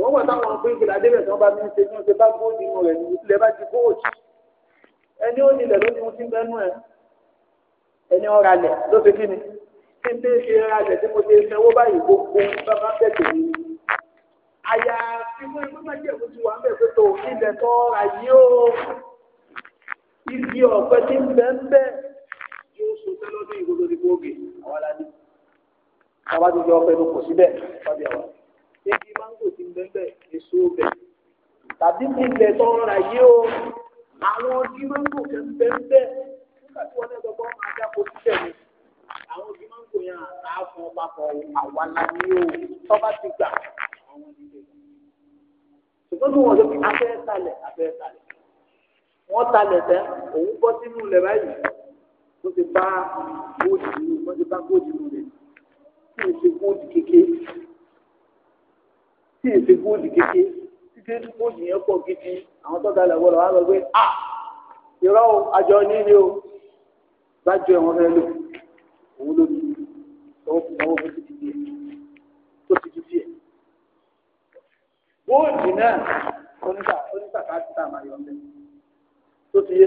wọ́n wà táwọn gbẹ̀ngìlá débẹ̀ tí wọ́n bá mi ń ṣe ní ọ̀sẹ̀ bá góòdì mo rẹ̀ nínú ilẹ̀ bá ti góòdì ẹni ó nílẹ̀ ló ní mo ti ń bẹ́nu ẹ̀ ẹni ọ̀rà lẹ̀ ló fi kí ni kí n tẹ́ ṣe ra lẹ̀ tí mo ti sanwó báyìí gbogbo bàbá bẹ̀tẹ̀ mi àyà tí mo bá jẹ́ ìwúti wà ń bẹ̀ pé tó ilẹ̀ tó yìí ó igi ọ̀pẹ ti ń bẹ́ bẹ́ẹ̀ pẹ́ lọ́dún yìí gbogbo ìdìbò ògè àwọn aládé wọn bá ti jọ ọpẹ lóko síbẹ̀ tàbí àwọn ebi máńgò ti ń bẹ́ẹ̀ èso bẹ̀ tàbí ti ń bẹ̀ tọ́ ra yé o àwọn ojú máńgò kẹ́ ń bẹ́ẹ̀ bẹ́ẹ̀ nígbà tí wọ́n lẹ́sọ̀ bọ́ máa dáko síbẹ̀ ni àwọn ojú máńgò yẹn àtà fún ọba kan àwa la ní o tọ́ba ti gbà àwọn ìdílé ṣùgbọ́n tí wọ́n lè fi afẹ́ talẹ̀ afẹ́ talẹ̀ wọ́n talẹ̀ tẹ́ òun bọ́ sínú ilẹ̀ báyìí wọ́n ti bá góòdì nínú wọ́n ti bá góòdì nínú rẹ̀ tí èyí ṣe góòdì kéke tí èyí ṣe góòdì kéke títí tí góòdì yẹn pọ̀ gidi àwọn tó dalẹ̀ wọ́n lọ wá lọ pé a ìrọ̀ o àjọ ní ilé o bá jọ ẹ̀wọ̀n fẹ́ lò òun ló ní ọwọ́ fún ọwọ́ fún títí díẹ̀ tó ti di díẹ̀ góòdì náà oníta oníta ká ti tà tó ti yé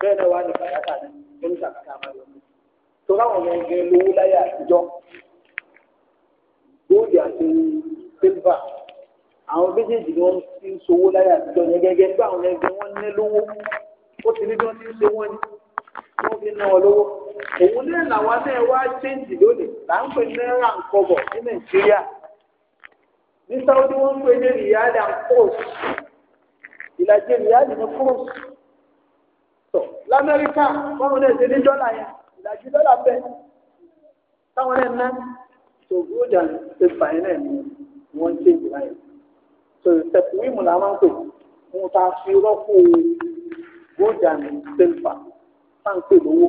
bẹ́ẹ̀ náà wá ní kàkàkà náà ló ń ṣàkàtà àwọn ọmọ mi tó láwọn ọmọ ẹgbẹ́ lówó láyé àtijọ́ góòdì àti pépà àwọn méjèèjì ni wọ́n ti ń sowó láyé àtijọ́ yẹn gẹ́gẹ́ bí àwọn ẹgbẹ́ wọn ní lówó ó ti ní bí wọ́n ti ń ṣe wọ́n ni wọ́n fi ná wọn lówó òun náà làwọn náà wá ṣéǹjì lónìí là ń pè náírà ń kọ́bọ̀ ní nàìjíríà ní sáwọ́dí wọ́n ń pè ní rìádà kúròsì ìlàjì rìádì ní kúròsì tọ̀ lamẹ́ríkà báwọn náà ṣe ní dọ́là yẹn ìdájú dọ́là bẹ́ẹ̀ táwọn náà ná tòbú ọjà ṣe fà yín náà ni wọ́n ṣe ìgbà yẹn tò tẹ̀kùwímù là máa ń pè mo ta fi rọ́pò ọjà ní sẹ́ńfà tá ń pè lówó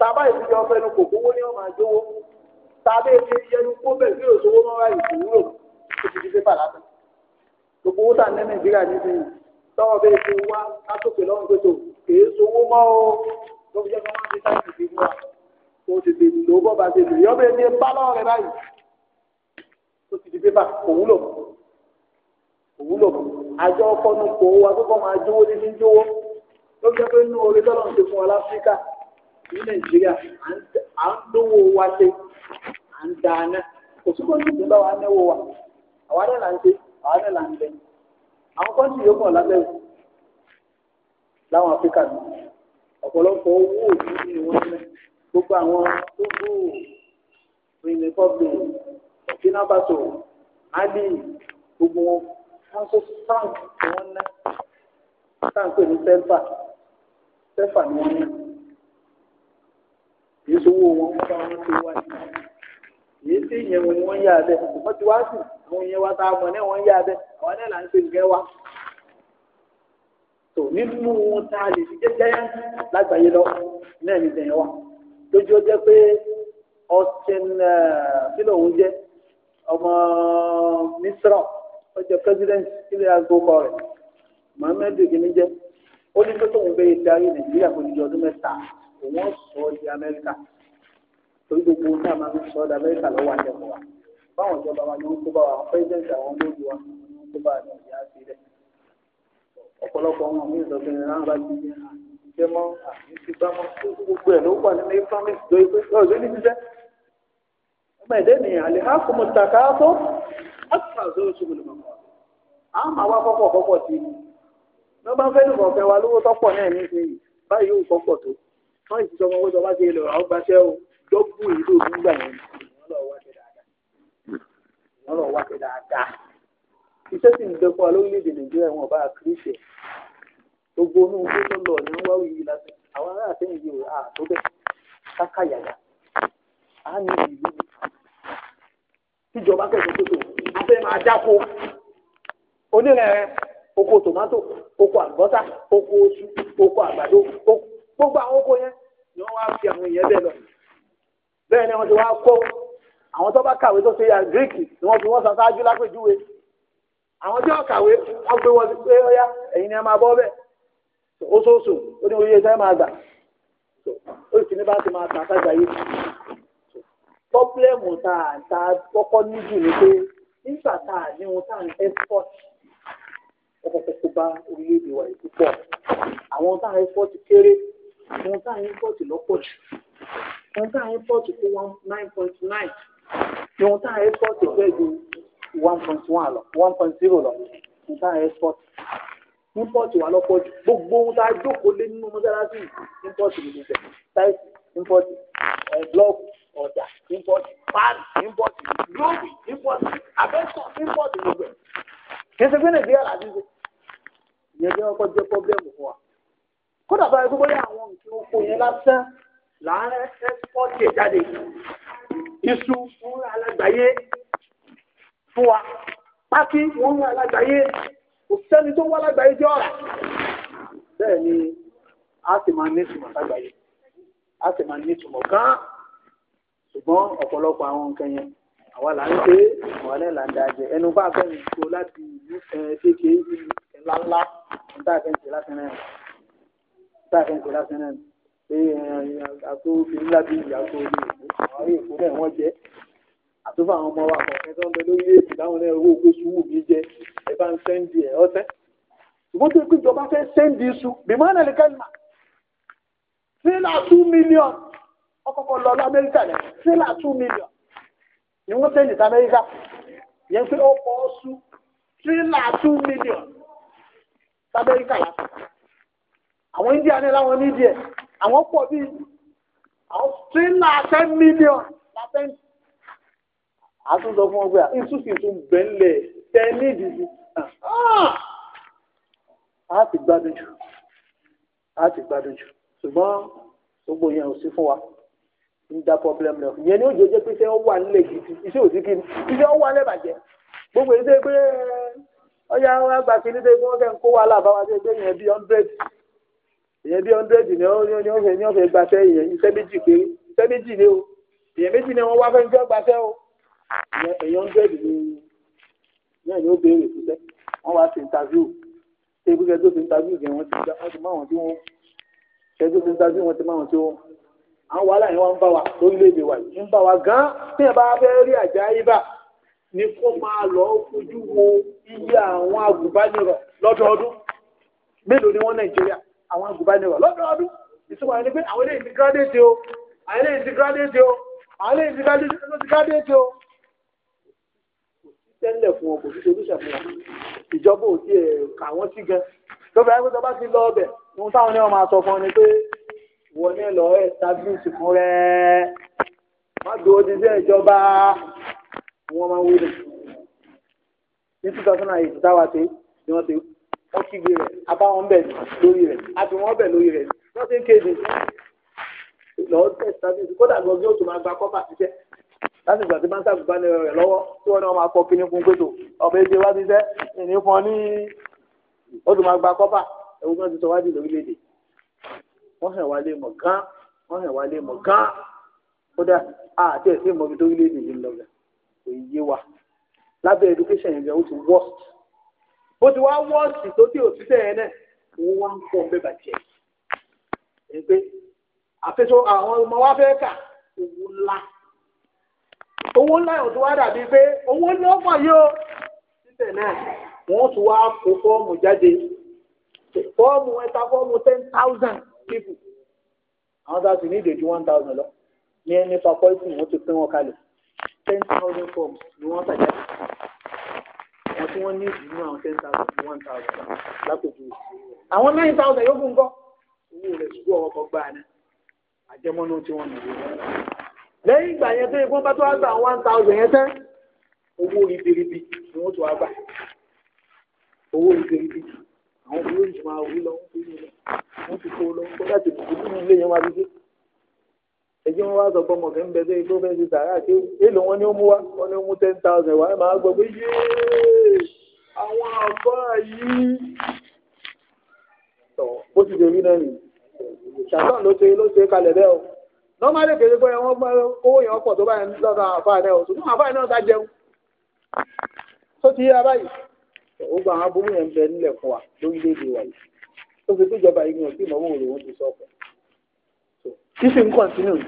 tàbá ìdíje ọfẹ ní kò kówó ní ọmọ àjọwó tàbá ìdíje yẹnu kó bẹ́ẹ̀ bí òṣòwò mọ́ra ìṣòwúrò ó ti di pépà látọ̀ gbogbo owó tà ní nàìjíríà nísìnyí tọ́wọ́ bẹ́ẹ̀ ti wá kásòkè lọ́rùn pé tó kèé sowó mọ́ o tó fi jẹ́ kí wọ́n ti sáyẹ̀sì fi mú wa o ti ti lò ó bọ́ba ti lò yọ́ bẹ́ẹ̀ ní bá lọ́wọ́ rẹ báyìí tó ti di pépà kò wúlò kò wúlò àjọ ọkọ̀nù kò wá tó kọ́ máa jówó ní jówó tó fi jẹ́ pé nínú orí tọ́lọ́run ti fún wa láfíríkà ní nàìjíríà à ń lówó wa ṣe à ń dáná kò sí kó ní ìdúgbà wa náwó wa àwa náà là ń ṣe àwa náà là ń lẹ́yìn àwọn kọ́ńtì yóò pọ̀ lábẹ́ láwọn áfíríkà ní ọ̀pọ̀lọpọ̀ owó òbí ni wọ́n ní gbogbo àwọn tóbú rìnrìnkọ́bìn ọ̀kínábàtò ali gbogbo wọn kanṣó frank ni wọ́n ná táǹpẹ̀ ní sẹ́fà sẹ́fà ni wọ́n ná èyí sọ owó wọn fún àwọn tó wà ní èyí tí ìyẹn wọn ni wọ́n yà bẹ́ẹ̀ wọ́n ti wá sí àwọn ìyẹn wa tá a mọ̀ náà wọ́n yà bẹ́ẹ̀ àwọn náà là ń ṣe nǹkan wa. tó nínú wọn tá a lè fi jẹ́jẹ́ lágbàáyé lọ náà ní ìdẹ̀yẹ wa lójú ó jẹ́ pé Austin eh, kílò òun jẹ́ ọmọ Misra ó jẹ́ president kílẹ̀ agbókọ̀ rẹ̀ Mohammed kìíní jẹ́ ó ní pé tóun bẹ́ẹ̀ darí Nàìjíríà kò ní ju ọdún mẹ́ta òun sọ ọ́ di Amẹ́ríkà torí gbogbo ohun tí a máa fi sọ ọ́dà amẹ́ríkà lọ́wọ́ àjẹmọ́ wa báwọn ìjọba wa ni wọ́n kó bá wa pẹ́sidẹ́ntì àwọn olóògbé wa ni wọ́n kó bá àjọ ìyá sí rẹ̀ ọ̀pọ̀lọpọ̀ wọn mí ìsọ̀kẹ́ ní náà bá ti jẹ́ àjẹ́ mọ́ àmì ti bá mọ́ gbogbo ẹ̀ ló pọ̀ nínú ifámẹ́sì lórí pé ọ̀rẹ́ ní jíjẹ́ ọmọ ẹ̀dẹ́ ni àlè ha kò mọ̀ tàkà tó ọ̀sán àzọ́ oṣù mọ̀lẹ́mọ̀kọ́ àwọn máa wá kọ́kọ́ kọ́kọ́ sí i ló bá fẹ́ nìkan fẹ́ wa lówó tọ́pọ̀ náà ní ìsinyìí báyìí yóò kọ́kọ́ tó wọ́n ìsìtọ́ ọmọ owó tó bá ti lọ àwọn gbaṣẹ́ o dọ́gbù ìlú ògúngbà yẹn wọ́n lọ wá sí dáadáa iṣẹ́ sì ń bẹ fún wa lórílẹ̀‐èdè nàìjíríà wọn bá àkíríṣẹ́ gbogbo onú tó tó lọ ní wáwí yìí láti àwọn ará àtẹ̀yìn yìí à tó bẹ̀ á ní ìlú tíjọba kẹsàn-án tó tó a fẹ́ máa dáko onírẹ̀rẹ̀ oko tòmátò oko àlùbọ́sà oko oṣù oko gbogbo àwọn oko yẹn ni wọ́n wá fi àwọn bẹ́ẹ̀ ni wọ́n ti wá kó àwọn tó bá kàwé tó ṣe ya gíríkì ni wọ́n fi wọ́n san ṣáájú lápèjúwe àwọn tí wọ́n kàwé wọ́n gbé wọn pé ọyá ẹ̀yin ni ẹ máa bọ́ bẹ́ẹ̀ oṣooṣù ó ní oye iṣẹ́ máa gbà ó sì ní bá ti máa tà sájà yìí pọ́blẹ́mù tá à ń ta kọ́kọ́ níjù ni pé nígbà tá à ní ohun tá à ń export ọkọ̀ kọ́kọ́ bá orílẹ̀-èdè wa púpọ̀ àwọn tá à ń export kéré ohun tá à ń export lọ́pọ̀ jù ohun tá à ń pọ̀tù tó one nine point nine ni ohun tá à ń pọ̀tù fẹ́ ju one point one lọ one point zero lọ ohun tá à ń pọ̀tù import wà lọ́pọ̀ jù gbogbo ohun tá a jókòó lé nínú mọ́sálásí import ló lè bẹ̀ táìsì import eh, blọọkù ọ̀dà import páàlì import glóòbù import abẹ́sọ̀ import ló bẹ̀. kì í ṣe pé nàìjíríà láti ṣe ìyẹn bí wọ́n kọ́ jẹ́ pọ́blẹ́mù fún wa kódà báyìí gbogbo yẹn àwọn nǹkan oko yẹn lásán láàárẹ̀ ẹ́sípọ́ọ̀tì ẹ̀ jáde iṣu wọn rà alágbàáyé fún wa pákí wọn rà alágbàáyé kò sẹ́ni tó wá alágbàáyé jẹ́ ọ̀rà bẹ́ẹ̀ ni a sì máa ní ìtumọ̀ lágbàáyé a sì máa ní ìtumọ̀ gan-an ṣùgbọ́n ọ̀pọ̀lọpọ̀ àwọn nǹkan yẹn àwa là ń é àwa náà là ń da jẹ ẹnu bá fẹ́ mi kó láti ìlú kékeré ńláńlá níta fẹ́ ń ṣe láti rẹ̀ níta fẹ́ ń ṣe láti rẹ̀ pé àtò obìnrin láti ìyá tó lè àwọn èèkó náà wọ́n jẹ́ àtúfà àwọn ọmọ two million ọkọ̀ọ̀kọ̀ lọ lọ amẹ́ríkà rẹ̀ sílà two million ni wọ́n sẹ́ńdì sí amẹ́ríkà yẹn pé ó pọ̀ ọ́sù sílà two million sí amẹ́ríkà láti india ní láwọn ní díẹ̀ àwọn pọ̀ bíi àwọn tírélà ten million la fẹ́ ń. àtúntò fún ọgbẹ́ ìtúsí tún bẹ́ńlẹ̀ tẹ ní ìdìbò a ti gbádùn jù a ti gbádùn jù ṣùgbọ́n gbogbo yẹn ò sí fún wa ń dá problem lọ ìyẹn ni ó jẹ́ jẹ́ pé iṣẹ́ ó wà nílẹ̀ gidi iṣẹ́ ò sí kí ni iṣẹ́ ó wà nílẹ̀ bàjẹ́ gbogbo yìí ṣe pé ọ̀yà àgbà kìíní ṣe pé wọ́n fẹ́ ń kó wàhálà bá wa ṣe pé yẹn bíi hundred èyàn bí hundred ni ó ní ọ̀fẹ́ ní ọ̀fẹ́ gbaṣẹ́ èyàn iṣẹ́ méjì péré iṣẹ́ méjì ni o èyàn méjì ni wọ́n wá fẹ́ jọ́ gbaṣẹ́ o èyàn hundred ni náà ni ó béèrè fúnṣẹ́ wọ́n wá sí interview ṣé ibi kẹ́ẹ́ tó ṣe interview yẹn wọ́n ti gbá wọ́n ti mọ àwọn tí wọ́n kẹ́ẹ́ tó ṣe interview wọ́n ti mọ àwọn tí wọ́n àwọn wàhálà yẹn wọ́n ń bá wa lórílẹ̀‐èdè wa yìí ń bá wa gan-an tí ẹ bá fẹ́ rí àjà yìí bá ni kó máa lọ fojú wo iye àwọn agùnbánirọ̀ lọ́dọọdún mélòó ni wọ́n Nàìjíríà àwọn agùnbánirọ̀ lọ́dọọdún ìtumọ̀ ẹni pé àwọn eléyìí ti gírádéètì o àwọn eléyìí ti gírádéètì o àwọn eléyìí ti gírádéètì o. tẹ́lẹ̀ fún ọkọ̀ sí solúṣà fún wa ìjọba ò tiẹ̀ kà wọ́n sí gan lọ́bẹ̀ ayé tó bá ti lọ ọbẹ̀ ohun táwọn náà máa sọ fún ọ ni pé wọ́n ní lọ ẹ̀ tábílìsì fún rẹ̀ má dúró di sí ìjọba wọ́n máa wúlò ní two thousand and eight táwa ṣe ni wọ́n ti kú wọ́n kígbe rẹ̀ abáwọn bẹ̀ lórí rẹ̀ àti wọ́n bẹ̀ lórí rẹ̀ wọ́n ti ń kéde lọ́ọ́ tẹ̀sí tàbí kódà gbọ́n bí ó tó máa gba kọ́pà ṣiṣẹ́ láti ìgbà tí bá ń ṣàgùnbánirọ̀ rẹ̀ lọ́wọ́ tí wọ́n náà máa kọ́ kínní fún pẹ̀tò ọ̀bẹ ṣe wá ṣiṣẹ́ ìní fún ọ ní ó tó máa gba kọ́pà ẹ̀wọ́n tí wọ́n ti sọ wádìí lórílẹ̀‐èdè wọ́n hẹ̀ wálé mọ̀ gán wọ́n hẹ̀ wálé mọ̀ gán kódà àti ẹ̀sìn mọ̀ bí lórílẹ̀‐èdè yìí lọ́gà kò yé wa lábẹ́ education yẹn ó ti worst bó ti wá wọ́ọ̀sì tó ti òtítẹ́ yẹn náà òun wá ń pọ̀ bẹ́ẹ̀ bàjẹ́ ẹ̀ àfẹsọ àwọn ọmọ wa fẹ́ kà owó ńlá owó ńlá yóò tún wá dàbí pé owó ńlá ó pọ̀ yìí ó síbẹ̀ náà wọ́n tún wá kó fọ́ọ̀mù jáde fọ́ọ̀mù ẹ̀ta fọ́ọ̀mù ten thousand people àwọn tá a sì ní ìdèjì one thousand lọ ní ẹni faculty wọ́n ti pín wọn kalẹ̀ ten thousand forms ni wọ́n tà tí wọ́n ní ìdí nínú àwọn ten thousand to one thousand lápòjú àwọn nine thousand yóò gùn kọ́ owó rẹ̀ ṣùgbọ́n ọkọ̀ gbà ní àjẹmọ́nú tí wọ́n nìyí. lẹ́yìn ìgbà yẹn tó yẹ kí wọ́n bá tó wá gba one thousand yẹn tán owó ribiribi ni wọ́n tó wá gbà owó ribiribi àwọn olóyìnbó máa wí lọ wọ́n fi kó lọ wọ́n láti bùkún nínú ilé yẹn wá ẹjẹ wọn wá sọ pé ọmọ kan bẹ sẹ́yìn tó fẹ́ẹ́ ṣe sàrà tí èlò wọn ni ó mú wá wọn ni ó mú ten thousand wá ẹ máa gbọ́ pé yéé àwọn àbá yìí tọ bó ti dèrí náà nìyí ṣàtàn ló ṣe ló ṣe kalẹ̀ bẹ́ẹ̀ o nọ́màlì kejì pé wọ́n gbọ́ owó yẹn pọ̀ tó báyìí lọ́dọ̀ àbá náà o ṣùgbọ́n àbá náà ta jẹun tó ti yé abá ó gba àwọn abúlé yẹn bẹ nílẹ̀ fún wa lórílẹ̀-èdè wa yìí tó fi pé yìí ni ò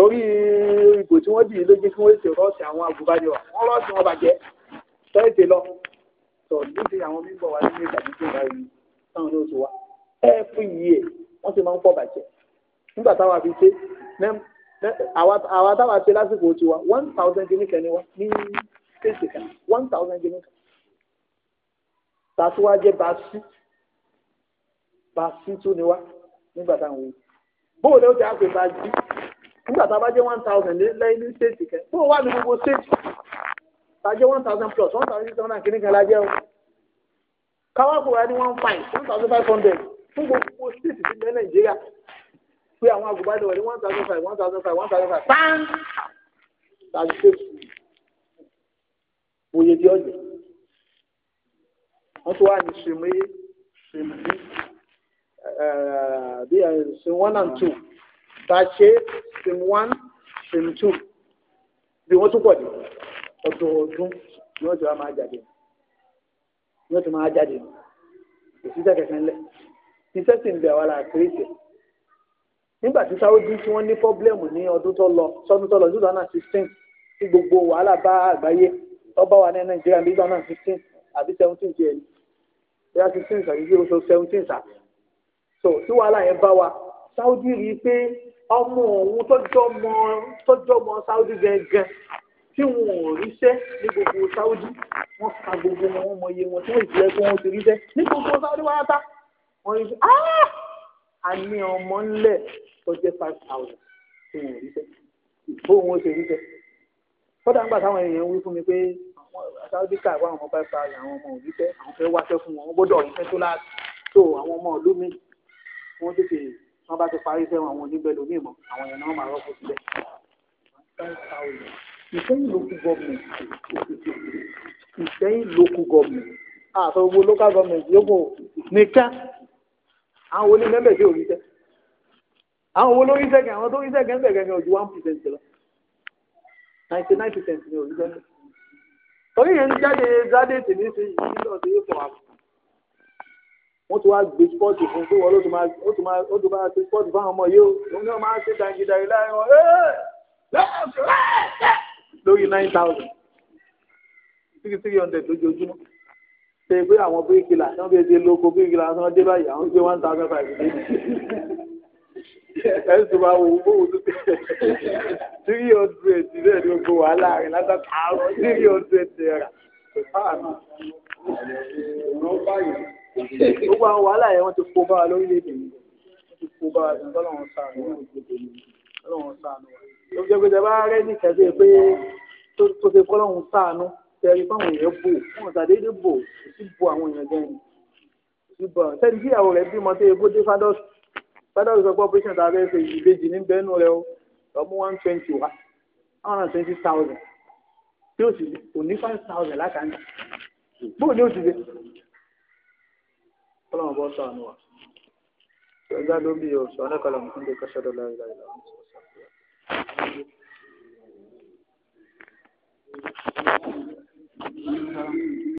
torí ipò tí wọ́n dì í lójú kí wọ́n ṣe rọ́ọ̀sì àwọn agùnbánirọ̀ wọ́n rọ́ọ̀sì wọn bàjẹ́ tẹ́ẹ̀tẹ̀ lọ sọ níbi àwọn mímbọ̀ wá nílé ìgbàgbé tó bá yìí táwọn yóò ti wá every year wọ́n ti máa ń pọ̀ bàjẹ́ nígbà táwa fi ṣe àwa táwa ṣe lásìkò tiwa one thousand kìnnìkan ni wá ní kéèsì kan one thousand kìnnìkan tàtúwájẹ́ bá sí bá sí tún ni wá nígbà táwọn wò bóòlù ó ti á nígbà tá a bá jẹ́ one thousand lẹ́yìn ní stéètì kẹ tó wà ní gbogbo stéètì tá a jẹ́ one thousand plus one thousand six hundred kìíní kan la jẹ́ o káwákò wa ní one five one thousand five hundred fún gbogbo stéètì ti lẹ́ nàìjíríà pé àwọn agùnbánirọ̀ ní one thousand five one thousand five one thousand five pán tàbí stéètì òye di ọ̀jẹ̀ wọ́n tún wà ní sèmé sèmé eh, bí ẹ̀ eh, sèmé one and two tá ṣe sim one sim two bí wọ́n tún pọ̀ dé ọdọọdún ni wọ́n ti wá máa jáde ni wọ́n ti máa jáde òṣìṣẹ́ kẹsẹ̀ ńlẹ̀ iṣẹ́ sì ń bẹ̀ wá la kérésì nígbà tí sáwọ́dún tí wọ́n ní pọ́blẹ́mù ní ọdún tó lọ sọdún tó lọ two thousand and sixteen tí gbogbo wàhálà bá àgbáyé ọba wa ní nàìjíríà ní two thousand sixteen àbí seventeen jẹ́ ẹni two thousand sixteen àbí zero seventeen sá so tí wàhálà yẹn bá wa Saudi rí i pé ọmọ òun tọ́jọ́ ọmọ Saudi gẹ́gẹ́ tí wọn ò ríṣẹ́ ní gbogbo Saudi wọ́n ka gbogbo wọn wọ́n mọ iye wọn tí wọ́n ìfilẹ̀ kí wọ́n ti ríṣẹ́ ní gbogbo Saudi wáyà tá wọ́n rí i ah! a ní ọmọ ńlẹ̀ tó jẹ́ five thousand tí wọn ò ríṣẹ́ bóun ó ṣe ríṣẹ́ kódà ńgbà táwọn èèyàn wí fún mi pé Saudi ká wá àwọn five thousand àwọn ọmọ òjíṣẹ́ àwọn fẹ́ wáṣẹ́ fún wọn wọ́n gbọ́dọ̀ ìfẹ́ tó láti tó àwọn ọmọ ìlú mi wọ́n tètè wọ́n bá ti parí sẹ́wọ̀n àwọn oníbẹ̀lú mímọ́ àwọn èèyàn náà máa rọ́pò síbẹ̀. ìsẹ́yìn lókù gọ́ọ̀mẹ̀ntì ìsẹ́yìn lókù gọ́ọ̀mẹ̀ntì àtọ gbogbo local government yóò nìkan àwọn onímẹ̀mẹ̀ tí ò rí sẹ́ àwọn owó lórí sẹ́kẹ̀ àwọn tó rí sẹ́kẹ̀ ń bẹ̀rẹ̀ ní ojú one percent lọ ninety nine percent ní orí sẹ́kẹ̀ torí yẹn ń jáde jáde tèmi sí yìí lọ́sẹ̀ yóò fọ̀ àpò wọ́n ti wá gbé spọ́ọ̀tì fún pé wọ́n ló ti máa ṣe spọ́ọ̀tì fáwọn ọmọ yìí ó òun náà máa ń ṣe dàgídàgí láàrin wọn lórí nine thousand Six three hundred lójoojúmọ́ ṣe pé àwọn bíríkìlà tí wọ́n fi ṣe lóko bíríkìlà tí wọ́n dé báyìí àwọn gbé one thousand five hundred ẹ̀ sùn máa wò ó wò ó three hundred ìdílé ni gbogbo wàhálà rẹ̀ látàkà three hundred naira gbogbo àwọn wàhálà yẹn wọ́n ti kó bá wa lórílẹ̀‐èdè yìí wọ́n ti kó bá wa lórílẹ̀‐èdè yìí ọlọ́run ṣàánú wọn ọlọ́run ṣàánú wọn. ló jẹ́ pé tẹ bá rẹ́ ní ìkẹ́sẹ̀ pé tó ṣe kọ́lọ́run ṣàánú tẹ̀rí fáwọn èèyàn bò fún ọ̀sàdédé bò sí bo àwọn èèyàn jẹ́ ni ìbọn sẹ́ni tí ìyàwó rẹ̀ bímọ tó yẹ kó dé fádọ́sì fádọ́sì sọ pé operation tá a fẹ́ ṣe ìbejì ní bẹ́ẹ̀nù rẹ o lọ́mú one twenty wa one hundred twenty thousand tí ó sì kò ní five thousand lákàntì bóun ni ó ti ṣe ọlọ́run bọ́ sànù wa ẹgbẹ́ ló bí o sọ ọ́nẹ́kọ̀ọ́ làwọn fún mi kẹsẹ̀ ìlà ìlà wọn sọ sàkóyà.